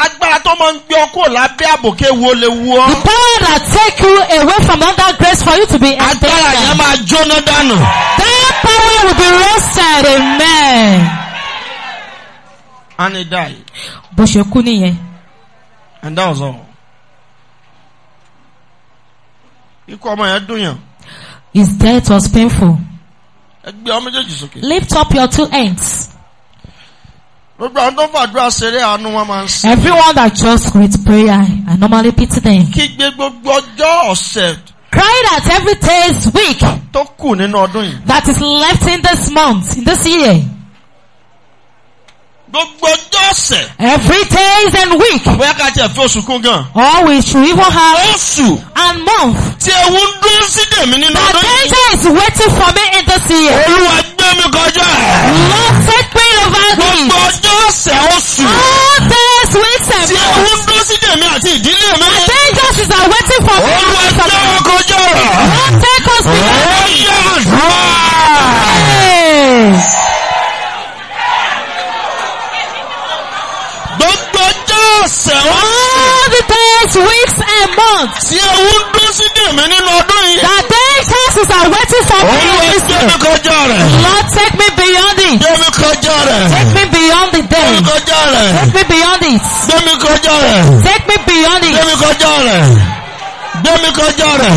agbára tó máa ń gbé ọ kúrò lábẹ́ àbòké wo lè wú ọ. The power that take you away from under grace for you to be endangered. Agbára yẹn máa jóná dànù. That power will be roasted amen and he died. bó ṣe kú nìyẹn. and that was all. ikú ọmọ yẹn dùn yàn. his death was painful. ẹ ọmọ méjèèjì sókè. lift up your two hands. Gbogbo àwọn tó fàdúrà ṣeré àánú wọn máa ń ṣe. Everyone that just with prayer I normally pity them. Kígbe gbogbo ọjọ́ ọ̀sẹ̀. Crying at every day's week. Tó kù nínú ọdún yìí. That is left in this month, in this year. Gbogbo ọjọ́ ọ̀sẹ̀. Every days and week. Bóyá ká tiẹ̀ fi oṣù kún gan. Or we even have. Oṣù. And month. Tí ewu ń dún sí dèmi nínú ọdún yìí. The danger is waiting for me in this year. Olúwa gbé mi kọjá. Lord take me over me. Gbogbo ọjọ́ ọ̀sẹ̀ oṣù. All days weeks and months. Tí ewu ń dún sí dèmi àti ìdílé mi. The danger is waiting for me. Olúwa gbé mi kọjá. Lord take us beyond me. Olúwa gbé ọ̀sẹ̀ ọ̀sẹ̀. all the days weeks and months. tí ewu ń dún sí dèmí nínú ọdún yìí. the days houses are waiting for me in this year. olùwẹ̀ jẹ́mi kọjá rẹ̀. Lord take me beyond it. jẹ́mi kọjá rẹ̀. take me beyond the day. jẹ́mi kọjá rẹ̀. take me beyond it. jẹ́mi kọjá rẹ̀. take me beyond it. jẹ́mi kọjá rẹ̀. jẹ́mi kọjá rẹ̀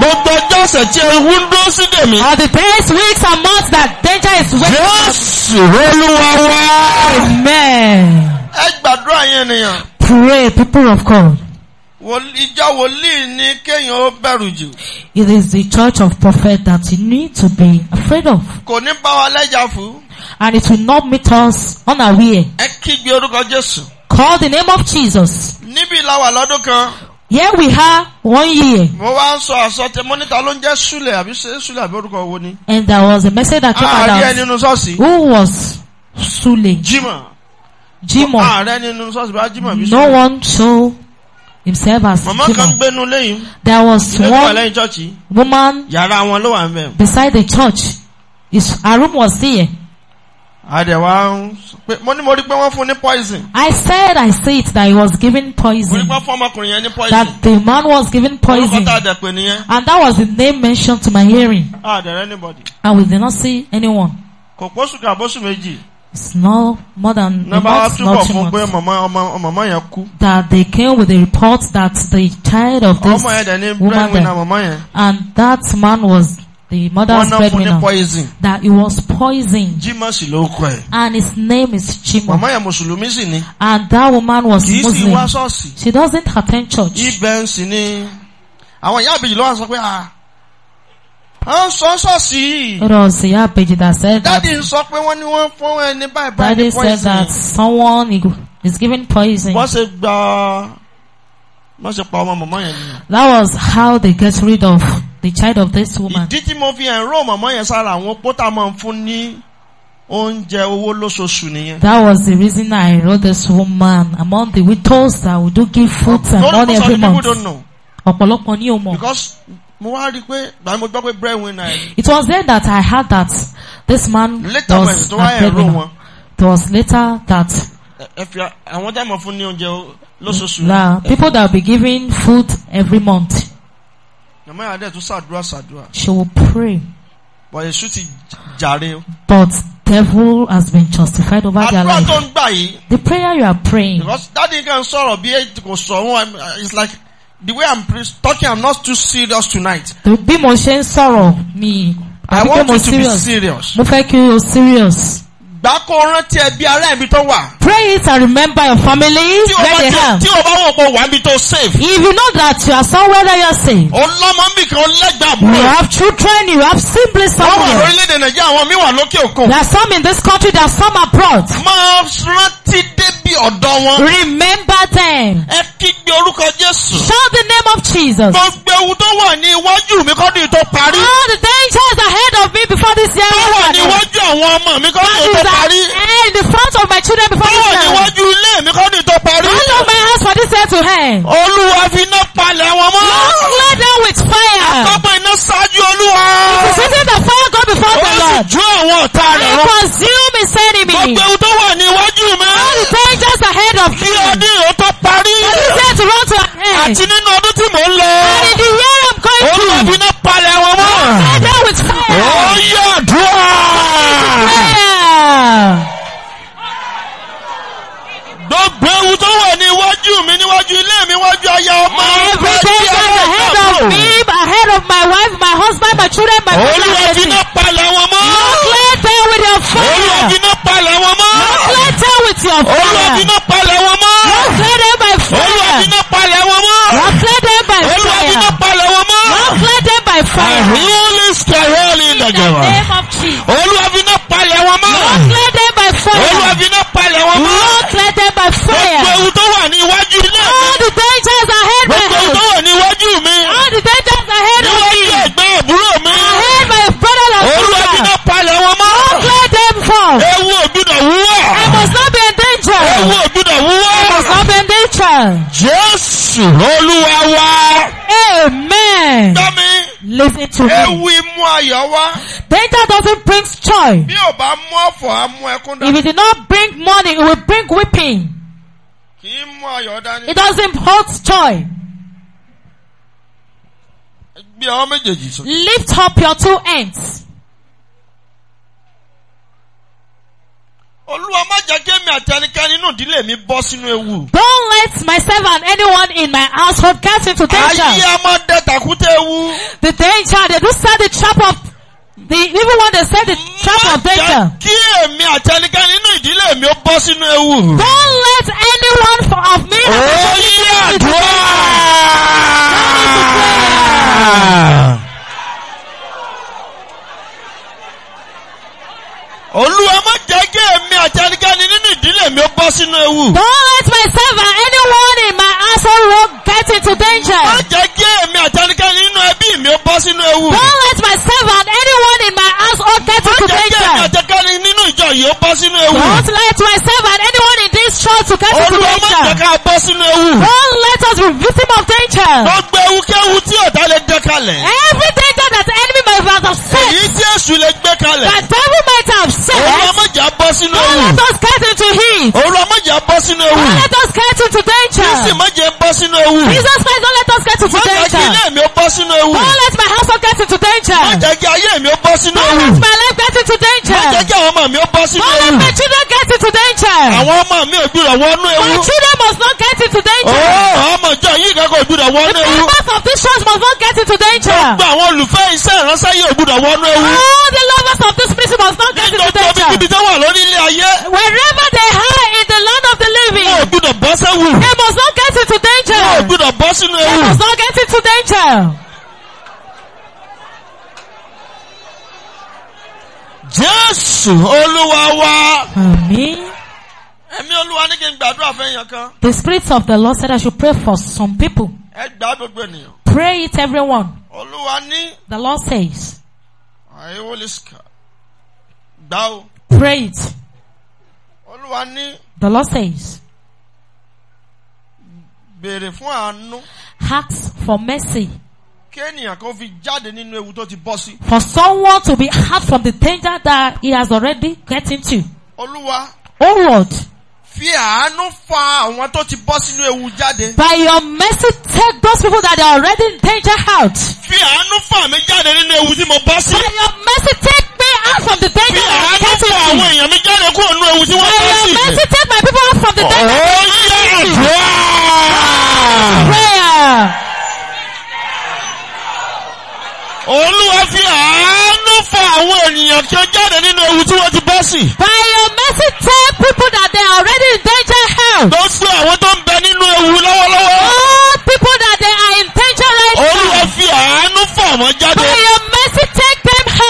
gbogbo ọjọ́ ọ̀sẹ̀ tí ewu ń dúró sí dèmí. all the days weeks and months that danger is waiting. Jésù Olúwa wá. amen. ẹ gbàdúrà yẹn nìyàn. pray people of God. Ìjọ wòlíì ní kéèyàn ó bẹ̀rù jù. It is the church of prophet that you need to be afraid of. Kò ní bá wa lẹ́jà fún. And it will not meet us unaware. Ẹ kígbe orúkọ Jésù. Call the name of Jesus. Níbi la lọ́dún kan. Here we are one year. Mo wá ń sọ àsọtẹ mọ́nítà ló ń jẹ́ Súlẹ̀ àbí Súlẹ̀ àbí orúkọ wo ni. And there was a message that came ah, out. Àárí ẹ nínú ṣọ́ọ̀ṣì. Who was Súlẹ̀? Jimoh. Jimoh. no one saw himself as Jimoh. there was one woman. beside the church his her room was there. Àdẹ̀wá mo ní mo rí pé wọ́n fún ní poison. I said I said that he was given poison. Mo rí pé fún ọmọkùnrin yẹn ní poison. That the man was given poison. Orúkọ tá nìyẹn. And that was the name mentioned to my hearing. A dẹ̀ anybody. And we did not see anyone. Kò pósù kà méjì. It's more than not, too much. that they came with a report that the child of this woman, woman and that man was the mother's breadwinner that he was poison. and his name is Chima and that woman was Muslim she doesn't attend church àwọn ìyá àbèjì ló wá sọ pé ah à ń sọ sọ́ọ̀sì. ọ̀rọ̀ yà péjì that said that. dadi sọ pé wọ́n ní wọ́n fún ẹni báyìí báyìí ní poison. dadi said that someone is given poison. wọ́n ṣe gba wọ́n ṣe pa ọmọ màmá yẹn that was how they get rid of the child of this woman. ìdí tí mo fi ẹ̀rọ màmá yẹn sára àwọn pótà máa ń fún ní oúnjẹ owó lóṣooṣù nìyẹn. that was the reason I wrote this woman among the widows that would do give food and money every month. ọ̀pọ̀lọpọ̀ ni o mọ̀. because mo wá rí i pé gbàgbé mo gbọ́ pé breadwinner ni. it was there that I heard that this man later was a breadwinner. it was later that. ẹ àwọn tí fún ní oúnjẹ lóṣooṣù. la people that be giving food every month. màmá yàrá dẹ̀ tún ṣàdúrà ṣàdúrà. she will pray. but èṣù ti jàre. but devil has been justified over their life. àdúrà tó ń gbà yìí. the prayer you are praying. because dáàdi kan sọ̀rọ̀ bí kò sọ wọn it's like the way I'm talking, I'm not too serious tonight. Bí mo ṣe ń sọ̀rọ̀ mi, I want you to be serious. Mo fẹ́ kí o serious. Gbà kó rántí ẹbí ará ibi tó wà. Pray it and remember your family where they Tí o bá wọ̀ pé wà níbi tó safe. If you know that you are somewhere that you are safe. Ọlọ́mọ ń bì kan lẹ́gbàá bro. You have children, you have siblings somewhere. Wọ́n wà lórílẹ̀-èdè Nàìjíríà, àwọn mi wà lókè òkun. There are some in this country, there are some abroad. Máa rántí dé níbi ọ̀dọ́ wọn. remember them. ẹ kígbe orúkọ Jésù. shout the name of Jesus. gbogbo ewu tó wà ní iwájú mi kọ́ ní ìtò parí. all the dangers ahead of me before this year. tó wà ní iwájú àwọn ọmọ mi kọ́ ní ìtò parí. in the front of my children before this year. tó wà ní iwájú ilé mi kọ́ ní ìtò parí. all of my house for this year to end. Olúwa fi iná palẹ̀ wọn mọ́. Lord clear them with fire. àkọ́kọ́ iná ṣáájú Olúwa. it is fire go before the Lord. ó sì jó àwọn ọ̀tá rẹ̀ rán. and consume his enemy. gbogbo ewu tó wà ní of kí ọdún yóò tó parí. the year to run to an end. àti nínú ọdún tí mò ń lọ. and in the year I'm going to. olúwa fi iná palẹ̀ wọn mọ́. I die with fire. ó yẹ àdúrà gbogbo ewu tó wà ní iwájú mi níwájú ilé mi wájú aya ọmọ ọmọ ẹgbẹ́ ahead of me ahead of my wife my husband my children my family. olùwàbí náà palẹ̀ wọn mọ́. Fight them with your fire. Not gbiná with your fire. Not gbiná by fire. Not Lord by fire. Not gbiná by fire. Olúwa gbiná palẹ̀ wọn by fire. Holy Spirit in the name of Jesus. Olúwa gbiná palẹ̀ wọn mọ́. Lord by fire. Not gbiná by fire. war. I must not be in danger. Ewu I must not be in danger. Jésù Olúwa Amen. Listen to me. Danger doesn't bring joy. If it did not bring money, it will bring weeping. It doesn't hold joy. Lift up your two hands. Olúwa má jẹ́ kí àti ẹnikẹ́ni nínú ìdílé mi bọ́ sínú ewu. Don't let myself and anyone in my household get into danger. Ayé a dẹ tàkúté ewu. The danger they do set the trap of the even when they set the trap of danger. Má jẹ́ kí èmi àti ẹnikẹ́ni nínú ìdílé mi ó bọ́ sínú ewu. Don't let anyone for, of me and my family get into danger. Oyè àdúrà. Olúwa má jẹ́ kí èmi nínú ìdílé mi ó bọ́ sínú ewu. Don't let myself or anyone in my household will get into danger. Má jẹ́ kí èmi nínú ẹbí mi ó bọ́ sínú ewu. Don't let myself or anyone in my household get into danger. Má jẹ́ kí èmi nínú ìjọ yìí ó bọ́ sínú ewu. Don't let myself or anyone in this church get into danger. Olúwa má jẹ́ ká bọ́ sínú ewu. Don't let us be victim of danger. Gbogbo ewu kéwu tí ọ̀tá lè dẹ kalẹ̀. Every danger that enemy might have set. Èyí tí èṣù lè gbé kalẹ̀. That devil might have said. Òun bọ́ sínú ewu. Don't let us get into heat. Òun bọ́ sínú ewu. Don't let us get into danger. Jésù mọ̀jà bọ́ sínú ewu. Jesus Christ don't let us get into danger. Mọ̀jà kí ilé mi ó bọ́ sínú ewu. Don't let my household get into danger. Mọ̀jà kí ayé mi ó bọ́ sínú ewu. Don't let my life get into danger. Mọ̀jà kí àwọn ọmọ mi ó bọ́ sínú ewu. Don't let my children get into danger. Àwọn ọmọ mi ò gbúdọ̀ wọnú ewu. My children must not get into danger. Ó oh, ọmọ ìjọ yìí kẹ́kọ̀ọ́ gbúdọ̀ wọnú ewu. The members of this church must not get into danger. Gbogbo àwọn olùfẹ́ iṣẹ́ ìránṣẹ́ yìí ò gbúdọ̀ wọnú ewu. All oh, the lovers of this ministry must not get into danger. better. Wherever they are in the land of the living. They must not get into danger. They must not get into danger. Just Olúwa wa. Àmín. The spirit of the Lord said I should pray for some people. Pray it everyone. The Lord says. Gbà Pray it. Olúwa ní. The law says. Béèrè fún àánú. Ask for mercy. Kí kan fi jáde nínú ewu tó ti bọ́ sí. For someone to be out from the danger that he has already get into. Olúwa. O oh Lord. Fi àánú fa àwọn tó ti bọ́ sínú ewu jáde. By your mercy take those people that are already in danger out. Fi àánú fa mi jáde nínú ewu tí mo bọ́ sí. By your mercy take me out from the danger that I came to mercy take my people out from the danger that I came to you. prayer. Olúwa fi àánú fa àwọn ènìyàn tí ó jáde nínú ewu tí wọ́n ti bọ́ sí. By your mercy tell people that they are already in danger hell. Lọ sí àwọn tó ń bẹ nínú ewu lọ́wọ́lọ́wọ́. All people that they are in danger right now. Olúwa fi àánú fa àwọn jáde. By your mercy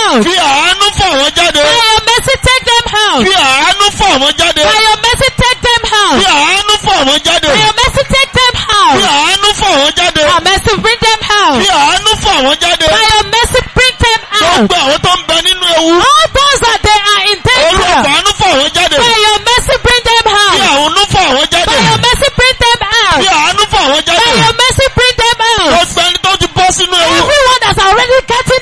out. Fi àánú fà wọ́n jáde. By your mercy take them out. Fi àánú fà wọ́n jáde. By your mercy take them out. Fi àánú fà wọ́n jáde. By your mercy take them out. Fi àánú fà wọ́n jáde. By your mercy bring them out. Fi àánú fà wọ́n jáde. By your mercy bring them out. Gbogbo àwọn tó ń bẹ nínú ewu. All those that they are in danger. Olúwa fàánú fà wọ́n jáde. By your mercy bring them out. Fi àánú fà wọ́n jáde. By your mercy bring them out. Fi àánú fà wọ́n jáde. By your mercy bring them out. Gbogbo ẹni tó ti bọ́ sínú ewu. Everyone that's already getting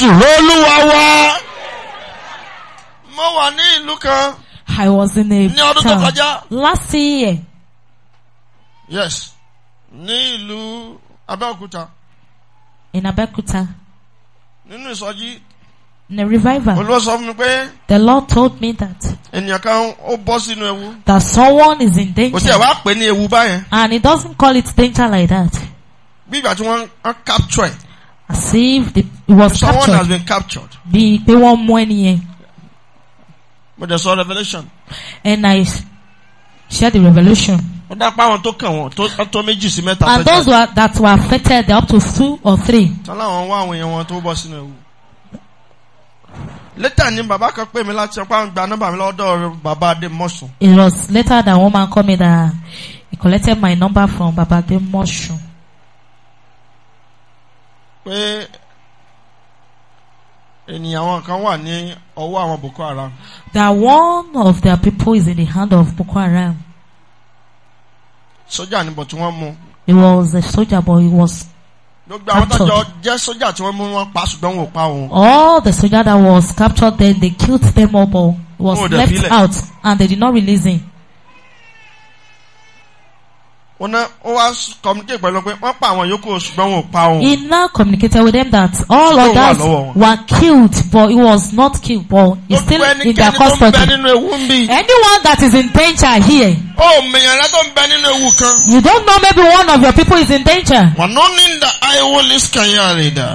Jésù lólúwa wá. Mo wà ní ìlú kan. I was in a ní ọdún tó kọjá. last year. Yes, ní ìlú Abẹ́òkúta. In Abẹ́òkúta. Nínú ìsọjí. In a revival. The Lord told me that. Ènìyàn kan ó bọ́ sínú ewu. That someone is in danger. And he doesn't call it danger like that. Bí ìgbà tí wọ́n as if the, he was someone captured. has been captured. bí pé wọ́n mú but there's a revelation. and I share the revelation. and those were, that were affected they up to two or three. tọ́lá àwọn wá àwọn èèyàn wọn tó later ni bàbá kan pè mí láti ọpá gba nọ́mbà mi lọ́dọ̀ bàbá Adémọ́sùn. it was later that woman called me that he collected my number from baba Adémọ́sùn pé ènìyàn àwọn kan wà ní ọwọ́ àwọn Boko Haram. that one of their people is in the hand of Boko Haram. sójà ni bọ̀ tí wọ́n mú. he was a soldier but he was gbogbo àwọn tọjọ jẹ sójà tí wọ́n mú wọn pa ṣùgbọ́n wọn ò pa wọn. all the soldier that was captured then they killed them all but was left out and they did not release him wọn náà ó communicate pẹ̀lú pé wọ́n pa àwọn yòókù ṣùgbọ́n wọn ò pa òun. he now communicated with them that all so others were killed but he was not killed but he still in their custody. anyone that is in danger here. ó mìíràn látọ̀ ń bẹ nínú ewu kan. you don't know maybe one of your people is in danger. wà ló ní ìdá àìwọlé ṣkàyà rẹ̀ dà.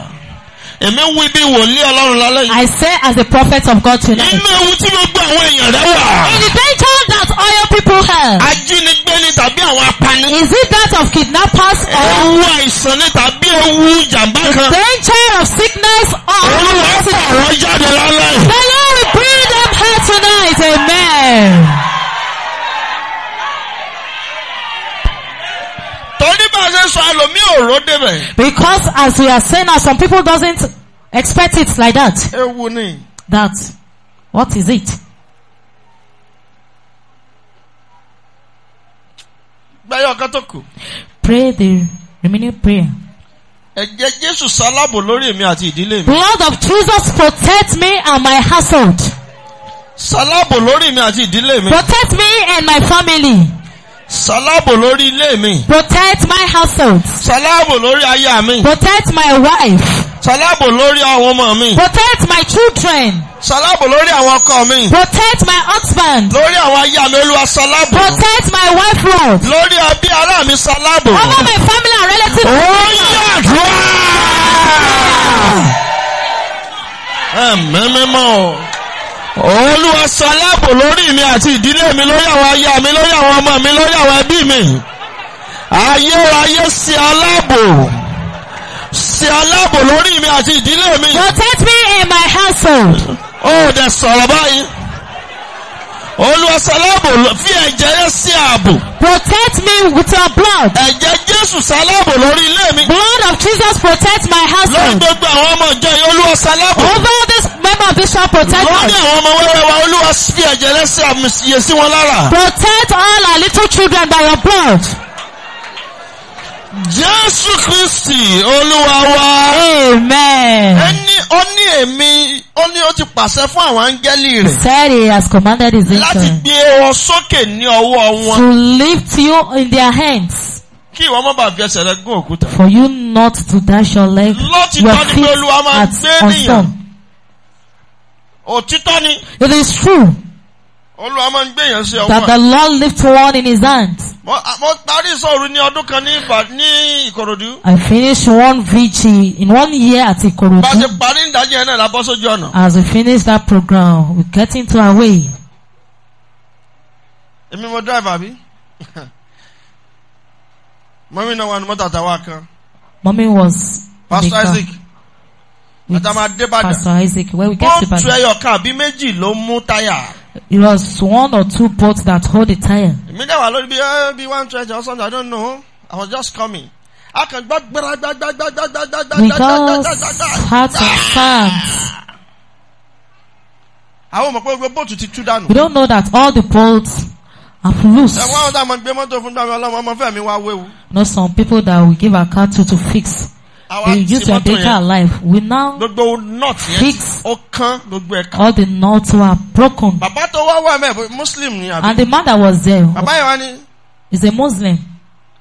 Èmi wí bí wòlíì Ọlọ́run lálẹ́ yìí. I say as the prophet of God tonight. Nínú ewu tí gbogbo àwọn èèyàn rẹ wà. In the danger that all people have. Ajínigbé ni tàbí àwọn apani. Is it that of kidnappers or. Ewu àìsàn ni tàbí ewu jàmbá kan. The danger of sickness or. Olúwa sọ̀rọ̀ jáde lálẹ́ The Lord will bring them here tonight. ò débẹ̀. because as we are saying now some people doesn't expect it like that. ewu ni. that what is it. gbẹ́yọ̀ kan tó kù. pray the remaining prayer. Ẹ̀jẹ̀ Jésù sálábò lórí èmi àti ìdílé mi. Blood of Jesus protect me and my household. Sálábò lórí mi àti ìdílé mi. Protect me and my family. Sàlábò lórí ilé mi. Protect my household. Sàlábò lórí aya mi. Protect my wife. Sàlábò lórí àwọn ọmọ mi. Protect my children. Sàlábò lórí àwọn ọkọ mi. Protect my husband. Lórí àwọn aya mi olúwa sàlábò. Protect my wife Lord. Lórí ẹbí ará mi sàlábò. Over my family and relatives. Ó yàgbọ́. Ẹ̀mí mímọ́ olúwa salábò lórí mi àti ìdílé mi lórí àwọn aya mi lórí àwọn ọmọ mi lórí àwọn ẹbí mi ayérayé ṣe aláàbò ṣe aláàbò lórí mi àti ìdílé mi. protect me in my household. ó dẹ̀ sọ̀rọ̀ báyìí olùwàsálàbò fi ẹ̀jẹ̀ rẹ̀ sí ààbò. protect me with your blood. ẹ̀jẹ̀ Jésù sálàbò lórí ilé mi. blood of Jesus protect my husband. lórí gbogbo àwọn ọmọ ìjọ yìí olùwàsálàbò. over this member of this church protect us. lórí àwọn ọmọ wẹ́wẹ́ wa olúwa fi ẹ̀jẹ̀ rẹ̀ sí àmì yẹ̀ wọn lára. protect all our little children by your blood. Jésù Kristi Olúwa wa. Amen. Ẹni ó ní èmi ó ní ó ti pàṣẹ fún àwọn áńgẹ́lì rẹ̀. Said has commanded his angel. Láti gbé ọ sókè ní ọwọ́ wọn. To lift you in their hands. Kí ìwọ má bàa fi ẹsẹ̀ rẹ gún òkúta. For you not to dash your leg. Lọ́tìtọ́ ni pé Olúwa máa gbé nìyàn. Òtítọ́ ni. It is true. That the Lord lifts one in his hand. I finished one vigil in one year at Ìkòròdú. As we finish that program, we get into our way. Èmi mo drive àbí? (laughs) Mọ́mí náà wà ní mọ́tò àtàwọn kan. Mọ́mí was. Pastor Isaac àtàwọn Pastor Isaac where we get to Ìbàdàn. Pọ́ǹtù ẹyọ kan àbí méjì ló mú táyà. It was one or two boats that hold the tire. Èmi náà wà lórí bí bí one twenty or something I don't know I was just coming. A kàn gbọ́ gbẹ́rẹ́ gbẹ́gbẹ́gbẹ́gbẹ́gbẹ́gbẹ́gbẹ́gbẹ́gbẹ́gbẹ́gbẹ́gbẹ́. Because heart of sand. Àwọn ọmọ pé gbogbo bóòtù ti tú dànù. We don't know that all the bolts are loose. Ẹ̀wọ́n àwọn ọ̀dà máa gbé mọ́tò fún gbàgbé ọlọ́mọ ọmọ fẹ́mi wá wéwu. know some people that we give our car to to fix they use your data life we now fix all the knots were broken. and the man that was there. is a muslim.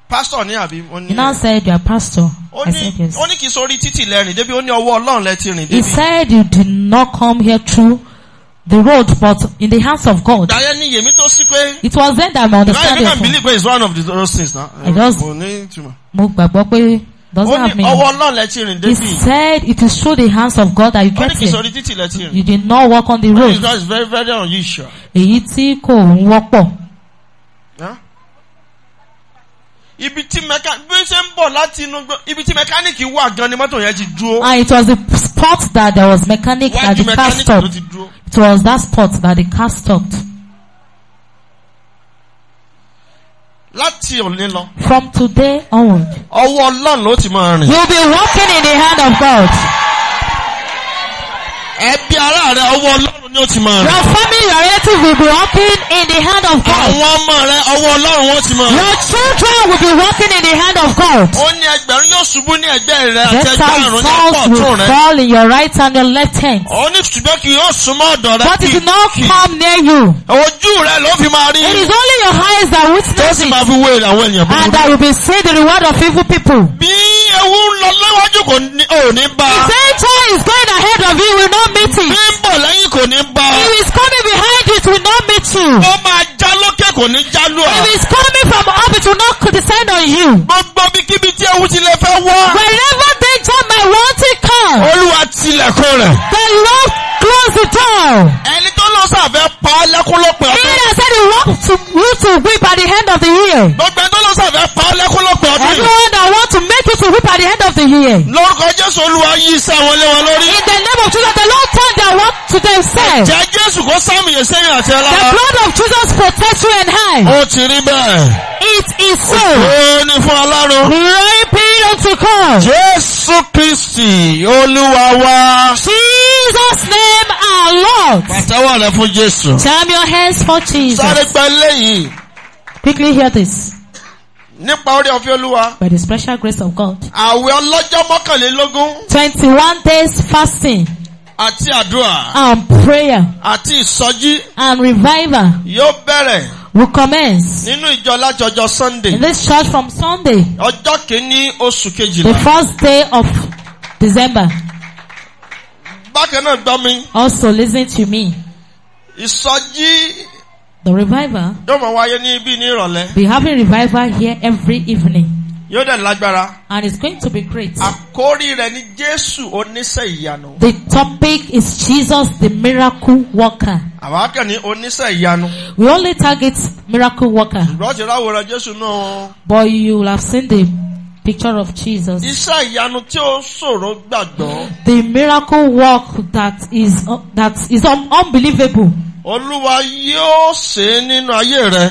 pastor ni àbí. he now said you are pastor. I said yes. ó ní kì í sórí títì lẹ́rìn débi ó ní ọwọ́ Ọlọ́run he said you did not come here through the road but in the hands of God. Dayẹ ni Yemi tó sí pé. It was then that my understanding. Báyọ̀ mi kàn believe pé it's one of the those things na. I just mo gbàgbọ́ pé doesn't have meaning. he said it is through the hands of God that you get here. you did not walk on the road. and that is very very unusual. èyí tí kò ń wọ́pọ̀. ibi tí mẹka bí ó ṣe ń bọ̀ láti inú ibi tí mẹkáníìkì wà gan ni mọ́tò yẹn ti dúró. and it was the spot that there was mechanic Why at the car stop. it was that spot that the car stopped. Láti òní lọ. From today on. Ọwọ́ Ọlọ́run ló ti máa rìn. You'll be walking in the hand of God. Ẹbí ara rẹ ọwọ́ Ọlọ́run ni ó ti máa Your family, your relatives will be working in the hand of God. Àwọn ọmọ rẹ ọwọ́ Ọlọ́run wọ́n ti máa Your children will be working in the hand of God. Ó ní ẹgbẹ̀rún yóò ṣubú ní ẹgbẹ́ rẹ àti ẹgbẹ̀rún ní ọ̀pọ̀ ọ̀tún rẹ. Better will fall in your right and your left hand. Ó ní ṣùgbọ́n kì yóò súnmọ́ ọ̀dọ̀ rẹ But it will come near you. Ojú rẹ ló fi máa rí. It is only your eyes that witness it. Tó sì máa fi wé àwọn èèyàn And that will be see the reward of evil people. Bí ewu ń lọ léwájú kò ní bá. The danger is going ahead of you will not meet it. Bí ń bọ̀ lẹ́yìn kò ní ń bọ̀. He is coming behind you, it will not meet you. Ó máa já lókè kò ní já lù ọ́. He is coming from up, it will not descend on you. Gbogbo bíkíbi tí ewu ti lè fẹ́ wá. Wherever danger may want to come. Olúwa tilẹ̀kùn rẹ̀. The Lord close the door. Ẹni tó ọlọ́run sàfẹ́ pa ọ́ lẹ́kún lópin ọdún. said he wants to you to weep at the end of the year. gbogbo ẹni ọlọ́run sàfẹ́ pa ọ́ lẹ́kún lópin ọdún. everyone that wants to make it to weep at the end of the year. lórúkọ Jésù Olúwa yí iṣẹ́ wọn lé wọn lórí. in the name of Jesus the Lord turn their work to themselves. ẹ̀jẹ̀ Jésù kó sáàmù yẹn sẹ́yìn àti ẹ̀ the blood of Jesus protects you and I. ó ti rí bẹ́ẹ̀. it is so. ó ní fún aláró. glory be unto God. Jésù Kristi Olúwa wa. Jesus name. Lord. Pàtẹ́wọ́ rẹ fún Jésù. Clap your hands for Jesus. Sáré gba eléyìí. Quickly hear this. Nípa orí ọ̀fẹ́ Olúwa. By the special grace of God. Àwẹ̀ ọlọ́jọ́ mọ́kànlélógún. Twenty-one days fasting. Àti àdúrà. And prayer. Àti ìsọjí. And revival. Yóò bẹ̀rẹ̀. will commence. Nínú ìjọ lájọjọ Sunday. In this church from Sunday. Ọjọ́ kìíní oṣù kejìlá. The first day of December. Bákan náà gbọ́ mi. Also listen to me. Ìsọjí. The revival. Yóò máa wáyé ní ibi ní ìrọ̀lẹ́. Be having revival here every evening. Yóò dẹ̀ lágbára. And it's going to be great. Àkórí rẹ̀ ni Jésù oníṣẹ́ ìyanu. The topic is Jesus the miracle worker. Àwa kàn ní oníṣẹ́ ìyanu. We only target miracle worker. Ṣùgbọ́n ṣe Jésù náà. But you will have seen the picture of Jesus. Iṣẹ́ ìyanu tí ó ṣòro gbàgbọ́. The miracle work that is uh, that is un unbelievable. Olúwa yóò ṣe é nínú ayé rẹ.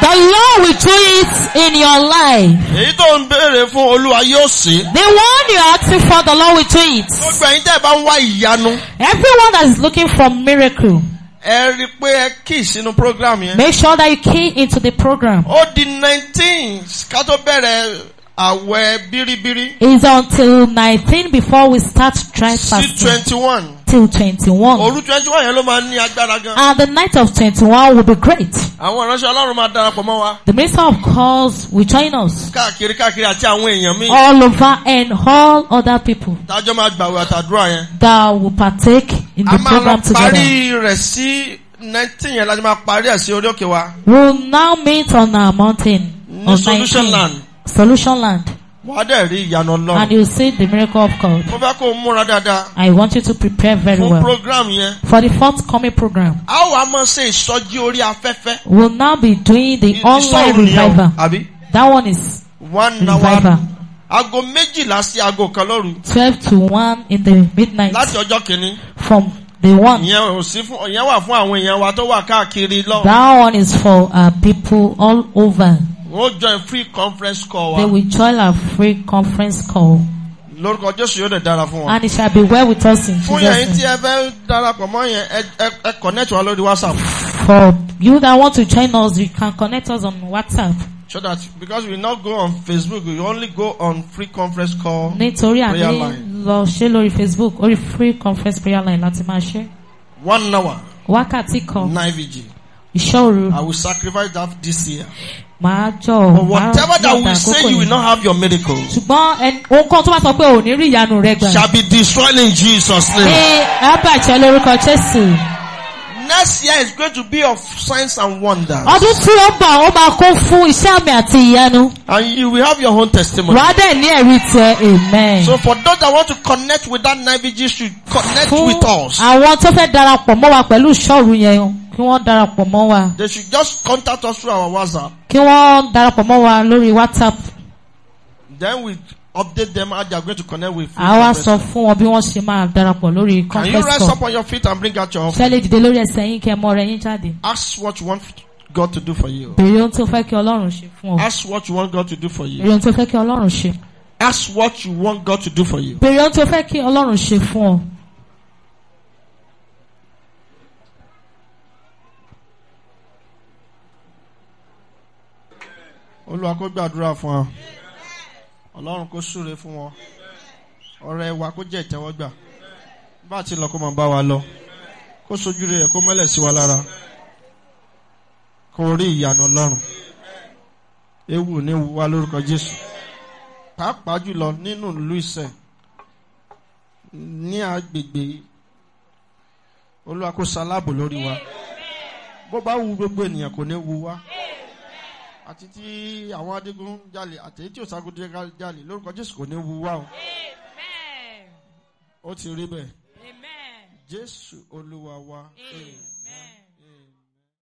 The Lord will do it in your life. Èyí tó ń béèrè fún Olúwa yóò ṣe. The one you are asking for the Lord will do it. Gbogbo ẹ̀yin tẹ́ ẹ bá ń wá ìyanu. Everyone that is looking for miracle. Ẹ rí i pé ẹ key sínú program yẹn. Make sure that you key into the program. Ó di nineteen ká tó bẹ̀rẹ̀. Àwẹ̀ bíríbírí. Is until nineteen before we start dry fasting. Sí twenty-one. Till twenty-one. Òru twenty-one yẹn ló máa ní agbára gan. And the night of twenty-one will be great. Àwọn ìránṣẹ́ Ọlọ́run máa darapọ̀ mọ́ wa. The minister of calls will join us. Káàkiri káàkiri àti àwọn èèyàn mi. All over and all other people. Tájọ́ máa gbàwé àtàdúrà yẹn. That will partake in the program together. A máa parí rẹ̀ sí nineteen yẹn la máa parí ẹ̀ sí orí òkè wa. We will now meet on our mountain. Ní solution land. Solution Land. Wàá ìyanu Ọlọ́run. And you see the miracle of God. Mo fẹ́ kó o múra dáadáa. I want you to prepare very well. Fún program yẹn. For the forthcoming program. A ó wá máa ṣe ìsọjí orí afẹ́fẹ́. We will now be doing the online revival. That one is one revival. Aago méjìlá sí aago kan lóru. Twelve to one in the midnight. Láti ọjọ́ kìíní. From the one. ìyẹn ò sí fún ìyẹn wà fún àwọn èèyàn wa tó wà káàkiri lọ. that one is for uh, people all over wọ́n join free conference call wa. they will join our free conference call. lórúkọ jésù yóò dẹ̀ dára fún wọn. and it shall be well with us in Jesus name. fún yẹn tí ẹ fẹ́ darapọ̀ mọ́ yẹn ẹ connect wa lórí whatsapp. for you that want to join us you can connect us on whatsapp. so that because we not go on facebook we only go on free conference call nítorí àní lọ ṣe lórí facebook orí free conference prayer line láti máa ṣe. one hour. wákàtí kan. nine vigil. ìṣọ́ òru. i will sacrifice that this year. Màá jọ ò. Whatever that we say you will not have your miracle. Ṣùgbọ́n ohunkóhun tó bá sọ pé ò ní rí ìyanu rẹ gbà. Shall be destroyed in Jesus name. Ṣé ẹ lórúkọ Jésù? next year is going to be of signs and wonders. Ọdún tí ó bọ̀ ó máa kún fún iṣẹ́ àmì àti ìyanu. And you will have your own testimony. Wà á dẹ̀ ní ẹ̀rí tiẹ̀ amen. So for those that want to connect with that Navigis you connect Foo with us. Fún àwọn tó fẹ́ darapọ̀ mọ́ wa pẹ̀lú ìṣọ́ru yẹn kí wọ́n darapọ̀ mọ́ wa. They should just contact us through our WhatsApp. Kí wọ́n darapọ̀ mọ́ wa lórí WhatsApp. Then we update them how they are going to connect with. àwa sọ fún wọn bí wọ́n ṣe máa darapọ̀ lórí conference call. can you rise up on your feet and bring out your offering. ṣẹlẹ̀ dìde lórí ẹsẹ̀ yín kẹ́ mọ ọrẹ yín jáde. ask what you want God to do for you. béèrè ohun tó fẹ́ kí Ọlọ́run ṣe fún ọ. ask what you want God to do for you. béèrè ohun tó fẹ́ kí Ọlọ́run ṣe. ask what you want God to do for you. béèrè ohun tó fẹ́ kí Ọlọ́run ṣe fún ọ. Olúwa kó gbàdúrà fún ọ ọlọ́run kó súre fún wọn ọ̀rẹ́ wa kó jẹ́ ìtẹ́wọ́gbà bá ti lọ kó máa bá wa lọ kó sojú rẹ̀ kó mẹ́lẹ̀ sí wa lára kó rí ìyànà ọlọ́run ewu ní wa lórúkọ Jésù pàápàá jùlọ nínú ìlú Ìsẹ̀ ní agbègbè Olúwa kó ṣe aláàbò lórí wa bó bá wu gbogbo ènìyàn kò ní wu wa. Yeah àti tí àwọn adigun jalè àti tí òsagun jalè lórúkọ Jésù kò ní wu wá o. ó ti rí bẹ́ẹ̀. Jésù Olúwa wa. Amen.